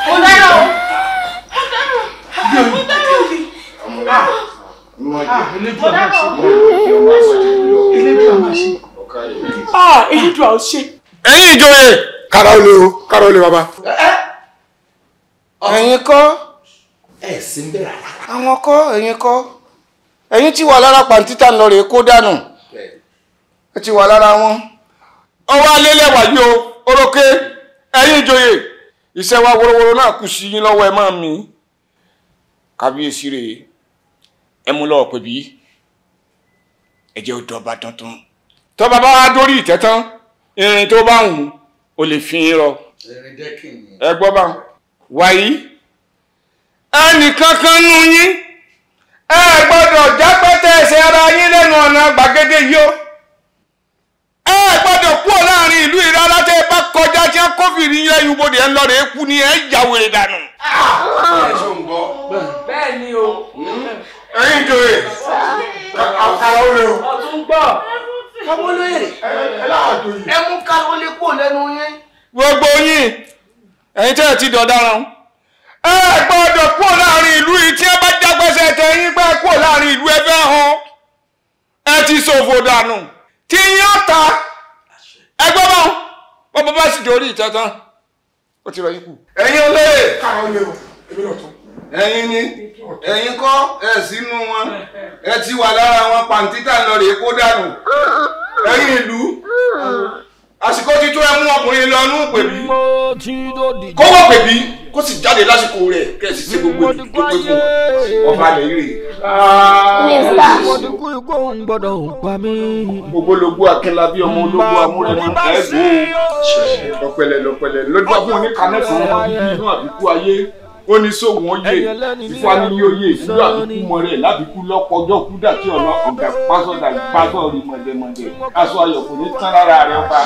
mo dáná o mo dáná o mo dáná o elédùn àwọn ṣe.
ẹ̀yin ìjòyè kára olè o kára olè bàbá. ẹ̀yin kọ́. ẹ̀ sí ń bẹ̀rẹ̀. àwọn kọ́ ẹ̀yin kọ́. ẹ̀yin ti wà lára pàǹtítà lọ kó dànù ẹ ti wà lára wọn ọwọ́ alẹ́lẹ̀ wáyé o orókè ẹ̀yin ìjòyè iṣẹ wa worowóró náà kù sí yín ẹ máa mi kábíyèsí rèé ẹ mú lọ́wọ́ pé bí ẹ jẹ́ òdọ́ba tuntun tọ́ba dórí irin tó bá o lè fi yín rọ ẹ gbọ́ bá wáyé ẹnìkankan ẹ gbọ́dọ̀ jápẹ́tẹ́ ẹsẹ̀ ara yín lẹ́nu ọ̀nà gbàgede yìí o ẹ gbọ́dọ̀ kúrò láàrin ìlú ìrara tẹ́ ẹ bá kọjá tí wọ́n kófìrí yẹn ìwòdì ẹ lọ́rẹ̀ ẹ kú ni ẹ jà wèrè dànù. bẹ́ẹ̀ ni o. ẹyin jòyè
àkàrà ó lè o. ọ̀tún gbọ́ kọ́mọlóyè
ẹ mú kárólé kúrò lẹ́nu yín. gbogbo yín ẹ̀yin tẹ́ ẹ ti dọ̀ dára o ẹ gbọ́dọ̀ kúrò láàrin ìlú yìí tí ẹ bá jágbẹ́sẹ̀ tẹ yín pẹ́ kúrò láàrin ìlú ẹ fẹ́ hàn ẹ ti ṣòfò dànù tí yín ọ̀tá ẹ gbọ́ mọ́ wọ́n bá bá sì dórí ìtẹ́tán ó ti rọ yín kù. ẹ̀yin olóyè káwọn olè o èmi náà tún. ẹ̀yin ni ẹ̀yin kọ́ ẹ̀ sínú wọn ẹ ti wà lára wọn pàǹtítà lọ rèé kó dànù ẹ̀yin ìlú àsìkò ti tó ẹ mú ọkùnrin lọ nú pèbí kó pèbí kó sì jáde lásìkò rẹ̀ kẹ́sì ṣe gbogbo tó fún ọba lè rè. gbogbo lógbó akínlábí ọmọ ológbó amúrẹ̀mọ ẹ̀ẹ́dùn lọ́pẹ̀lẹ̀ lọ́pẹ̀lẹ̀ lọ́dún abúlé kanẹ́fọ̀ọ́ inú àbíkú ayé ó ní sóhun oyè ìfaniye oyè ìlú àbíkú mọ̀rẹ́ lábíkú lọ́pọ̀ ọjọ́ kúdà tí ọ̀nà ọ̀gá pásọ̀dà gbàgbọ́ rí mọ̀dẹ̀mọ̀dẹ̀ aṣọ ayọ̀ kò ní tán lára rẹ ọba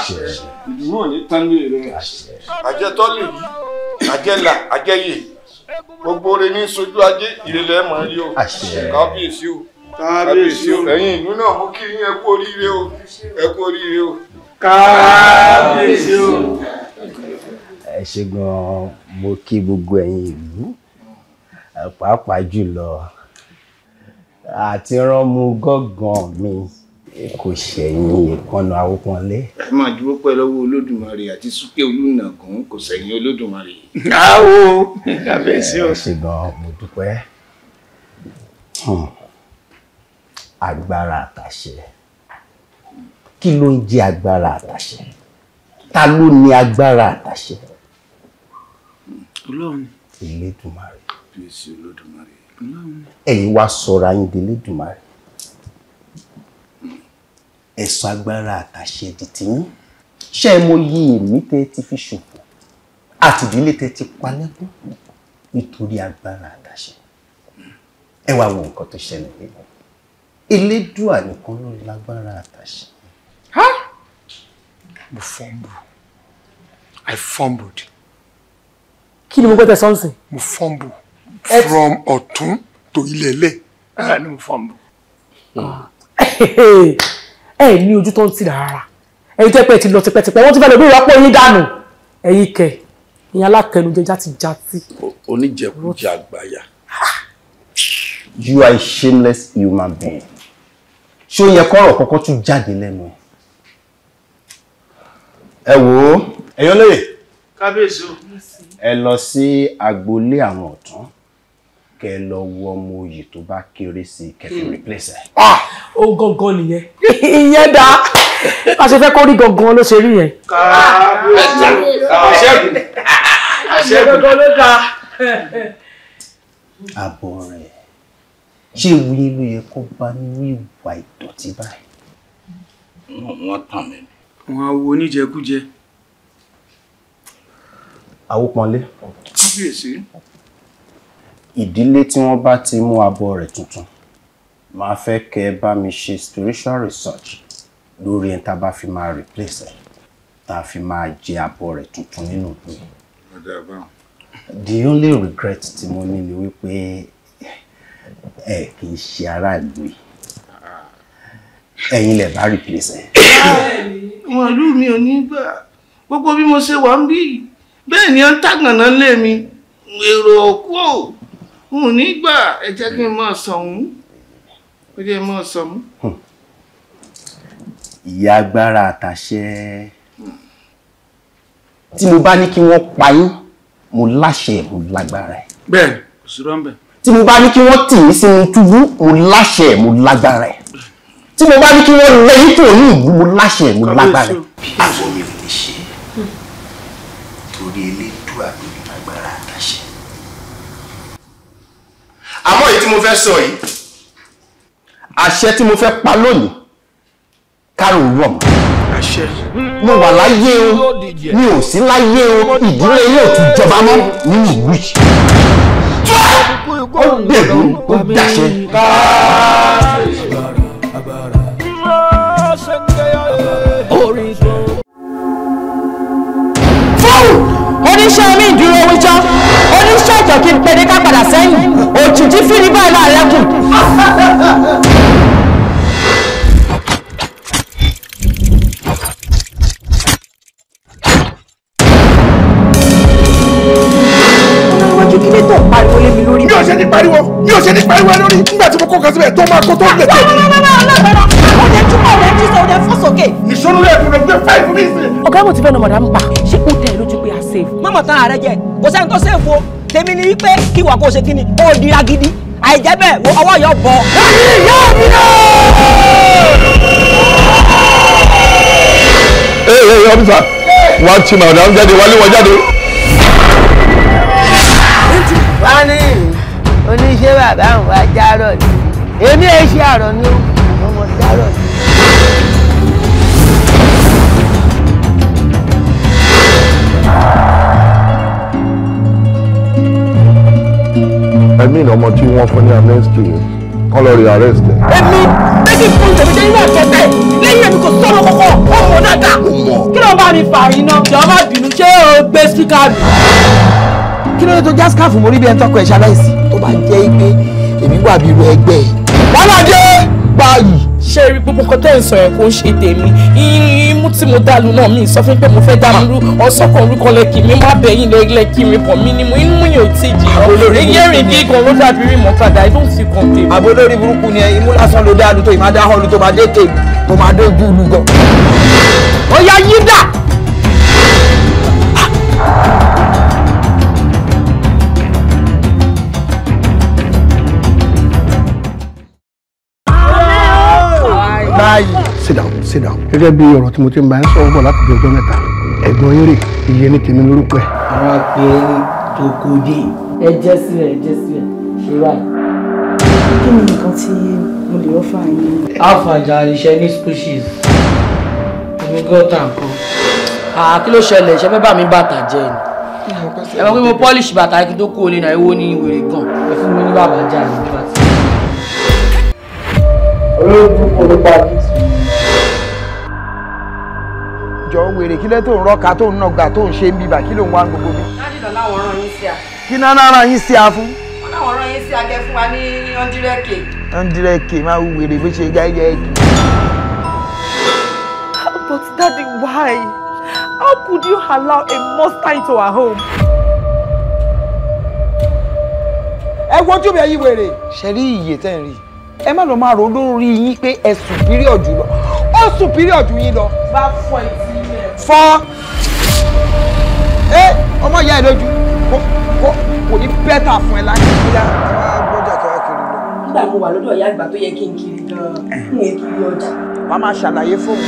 ìdúró ní tán lé rẹ. àjẹtọ́lì àjẹlà àjẹyè gbogbo rẹ ní sojú ajé ìrẹ̀lẹ̀ mọ̀ rí o kábíyèsí o
kábíyèsí o ẹ̀yin ìlú
náà mú kí yín ẹ kú oríire o ẹ kú oríire o kábíyèsí o ẹ
ṣe gan-an
mo kí gbogbo ẹ̀yin ìlú pàápàá jùlọ àti rọ́mú gángan mi kò ṣẹ̀yìn ìkànnà àwòpọ̀nlé. ẹ máa dúró pẹ́ lọ́wọ́ olódùmarè àti súnkẹ́ olùnàgún kò ṣẹ̀yìn olódùmarè. àwo kábíyèsí o. ẹ ṣe gan-an mo dúpẹ́ hmm. agbára àtàṣe kí ló ń jẹ́ agbára àtàṣe ta ló ní agbára àtàṣe. Ọlọ́run. Elédùmarè. Bíyèsí Olódùmarè. Ọlọ́run. Ẹ̀yin wá sọra yín di Elédùmarè. Ẹ̀sọ́ agbára àtàṣe di tiyín. Ṣé ẹ mọ iye èmi tẹ́ ti fi ṣòfò? Àtìdílé tẹ́ ti palẹ́kùn nítorí agbára àtàṣe. Ẹ wá wo nǹkan tó ṣẹlẹ̀ nínú. Elédùà nìkan ló lágbára àtàṣe. Mo fọ́nbù. I fumbled kí ni mo gbọ́dọ̀ sọ́nsìn. mo fọ́nbù from ọ̀tún tó ilẹ̀ lẹ̀ ara ah, mo fọ́nbù. Ah. ẹ ní ojú tó ń tì rárá ẹ̀yin tó ẹ pẹ́ ti lọ tipẹ́tipẹ́ wọ́n ti fẹ́ lọ bí ìrọ́pọ̀ yín dànù ẹ̀yin kẹ̀ ìyẹn alátẹnujẹ játijàti. oníjẹkújẹ àgbáyà. you are a shameless human being. ṣé ó yẹ kọ́rọ̀ kọ́kọ́ tún jáde lẹ́nu ẹ. ẹ wò ó. ẹ̀yọ́ lóye. kábíyèsí o ẹ lọ sí agboolé àwọn ọ̀tún kẹ lọ wo ọmọ oyè tó bá kéré sí kẹfì hmm. replace ẹ. Ah! ó gangan nìyẹn. ìyẹn dáa a ṣe fẹ́ kó rí gangan ló ṣe rí yẹn. àṣẹ́gun àṣẹ́gun ló dáa. àbọ̀ rẹ̀ ṣé ewu yín ló yẹ kó bá nínú ìwà ìdọ̀tí báyìí. wọ́n tàn mí. wọ́n á wo oníjẹkújẹ. Awópọ́nlé. Kábíyèsí. Ìdílé tí wọ́n bá ti mú abọ́ rẹ̀ tuntun, màá fẹ́ kẹ́ ẹ bá mi ṣe spiritual research lórí ẹni tá a bá fi máa replace ẹ̀ tá a fi máa jẹ abọ́ rẹ̀ tuntun nínú ìlú. The only regret tí mo ní ni wípé ẹ kì í ṣe aráàlú yìí ẹ̀yin lẹ̀ bá replace ẹ̀. wọn ìlú mi ò ní gbà gbogbo bí mo ṣe wà ń bí bẹ́ẹ̀ ni ó ń tàgànná lé mi èrò òkú ò n ò ní gbà ẹ jẹ́ kí n máa sọ̀hún ó jẹ́ máa sọ̀hún. ìyá agbára àtàṣẹ tí mo bá ní kí wọ́n pa yín mo láṣẹ mo lágbára ẹ̀. bẹ́ẹ̀ kò sí rọ́ńbẹ́. tí mo bá ní kí wọ́n tì í sínú túbú mo láṣẹ mo lágbára ẹ̀. tí mo bá ní kí wọ́n lẹ́yìn tó ní ìlú mo láṣẹ mo lágbára ẹ̀. báwo ni mo ní ṣe lórí elédùà lórí agbára àtàṣe. àmọ́ èyí tí mo fẹ́ sọ yìí àṣẹ tí mo fẹ́ pa lónìí kárò rọ̀ mọ́. mo wà láyé o mi ò sí láyé o ìdílé yóò tún jọba mọ́ nínú ìlú yìí. ó dẹ̀gùn ó dàṣẹ.
káàárọ̀.
péré ká padà sẹ́yìn
òjìjí fìrí báyìí láàrẹ kù.
yóò ṣe ní pariwo yóò ṣe ní pariwo ẹ lórí nígbà tí mo kọ́ kan síbẹ̀ tó máa kó tó lè tẹ̀lé.
rárá ọlọ́gbẹ̀rọ ọdẹ túmọ̀ rẹ jíṣẹ́ ọdẹ fọ́ sókè. ìṣòro rẹ
kò lè gbé fáìfù mi sí. ọ̀gá mo ti fẹ́ nà mọ̀dà ń pa ṣé ó dẹ̀ lójú pé a ṣe. mọ́mọ́ tán ààrẹ jẹ kò sẹ́ni
tó ṣèfò tèmi ni wípé kí wà kó ṣe kí ni ó nira gidi àìjẹ́ bẹ́ẹ̀ wo ọwọ́ yóò bọ̀. ẹyin
yóò mi lọ.
ee ee ọfisa wà á ti màdàm jáde wálé wọn jáde. fani oníṣẹ́ bàbá àwọn ajá rọ̀ ni èmi ẹ̀ ṣe àrọ̀ ni ó i mean ọmọ tí wọ́n fún ní amnesty kọ́ lọ
rí arrest ẹ̀. èmi
méjì fún tèmi jẹ́ nínú àkẹ́tẹ̀ lẹ́yìn èmi kò sọ̀rọ̀ kọ̀kọ́ ọmọ
dáadáa kí ló bá mi fà yín náà jọ má bínú ṣé o gbé síkà mi. kí ló dé tó já skáàfù mórí bí ẹni tọkọ ẹ̀ ṣaláìsí tó bá jẹ́ pé èmi wà bí irú ẹgbẹ́ wàhálà dé báyìí. ṣé gbogbo kọ́tẹ́ ìsọ̀rọ̀ kò ń ṣe tèmi mú tí mo dàlú náà mi sọ fún pé mo fẹ́ dàmú rú ọ̀sọ́kàn orúkọ lẹ́kì mi má bẹ̀yìn lẹ́kì mi bọ̀ mí ni mo inú mi ò tí jì í yẹ́rìn gígan ló dàbí rí mọ́tàdá I don't feel comfortable. àbò lórí burúkú ni imú lásán ló dá lu tó ìmá hàn lu tó máa dé tèmi tó máa dé ojú lu gan. ó yá dà. sit down. gẹ́gẹ́ bí ọ̀rọ̀ tí mo ti máa ń sọ bọ̀ láti bí ọjọ́ mẹ́ta ẹ̀gbọ́n yín rè iye ní tèmi lórúkọ ẹ̀. ara pé tokode ẹ jẹ́ sílẹ̀ ẹ jẹ́ sílẹ̀ ṣe ráì. kí ni nǹkan tí mo lè ọ́fà yín. àfàjà iṣẹ́ ní species omi gọ́tà nǹkan. kí ló ṣẹlẹ̀ iṣẹ́ fẹ́ bá mi bàtà jẹ́
ni ẹ mọ̀
pé mo polish bàtà kí tó kú olè náà ewo ní wèrè gan ẹ fún mi ní bàbá jà ní bàtà. olóògùn olùpàdé ti jọ wèrè kílẹ̀ tó ń rọ́ka tó ń nàgbà tó ń ṣe ń bíbà kí ló ń wá gbogbo mi. ládìdọ̀
láwọn yín sí a.
kí náà náà ràn yín sí a fún.
wọn láwọn yín sí a gẹ fún wa ní ọ̀ndírẹ́kè.
ọ̀ndírẹ́kè máa wù wèrè bó ṣe gáyé ẹ̀kì. But daddy, why? How could you allow a monster into our home? ẹ wojú mi ẹ yí wèrè. ṣe rí iye tẹ́ ń rí ẹ má lọ máa rò lórí yín pé ẹ superior jùlọ ó sùn píríọ̀dù yín lọ. bá fọ etí ilẹ̀. fọ ẹ ọmọ ìyá ẹ lójú kò kò kò ní bẹ́tà fún ẹ láti ṣe yá. gbọ́dọ̀ tó wá kiri lọ. nígbà mo wà lọ́dọ̀ ìyá àgbà tó yẹ kí n kiri gan-an fún èkiri ọjà. wàá máa ṣàlàyé fóun.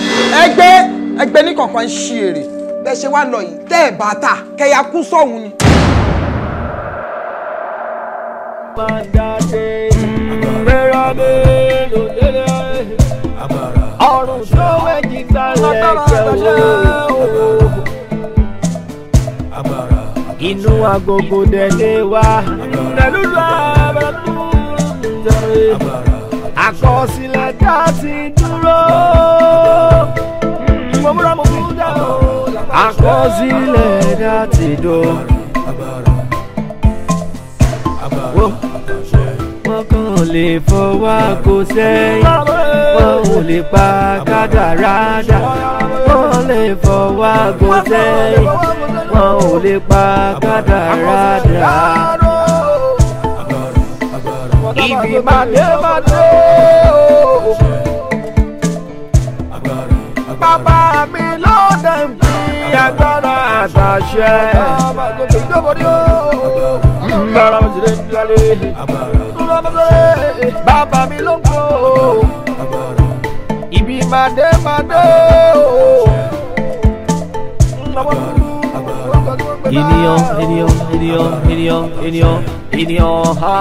ẹgbẹ́ ẹgbẹ́ ní kọ̀ọ̀kan ń ṣe èrè bẹ́ẹ̀ ṣe wá lọ yìí tẹ́ ẹ̀ bá ta kẹ́yà kú sọ̀hún ni.
Mandate, Berame ṣọwọ́ ẹ̀jì gbà lẹ́kẹ̀ wò. inú
agogo dẹ̀lé wa pẹ̀lú lọ́ọ̀bẹ̀ tó tẹ̀lé. àkọsílẹ̀ tá ti dúró.
àkọsílẹ̀ tá ti dó ò lè fọwọ́ kó sẹ́yìn wọn ò lè pa kádàrá dà wọn ò lè fọwọ́ kó sẹ́yìn ò lè pa kádàrá dà.
ibi màdé màdé o bàbá mi lọ́dẹ̀ ń fi agbára àtàṣe. bàbá mi lọ́dẹ̀ agbára àtàṣe lọ́mọdé bàbá mi ló ń kó ibi màdé màdé oh.
ènìyàn ènìyàn ènìyàn ènìyàn ènìyàn ènìyàn ha.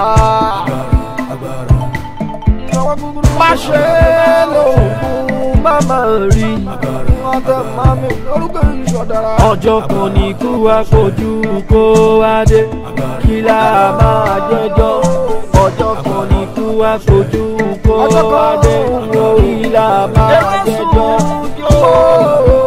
má ṣe lóògùn má rí ọjọ́ kan ní kú wa kó wá dé kí la máa jẹjọ́ oníkú àfojú kó adé lórí làbá jẹjọ.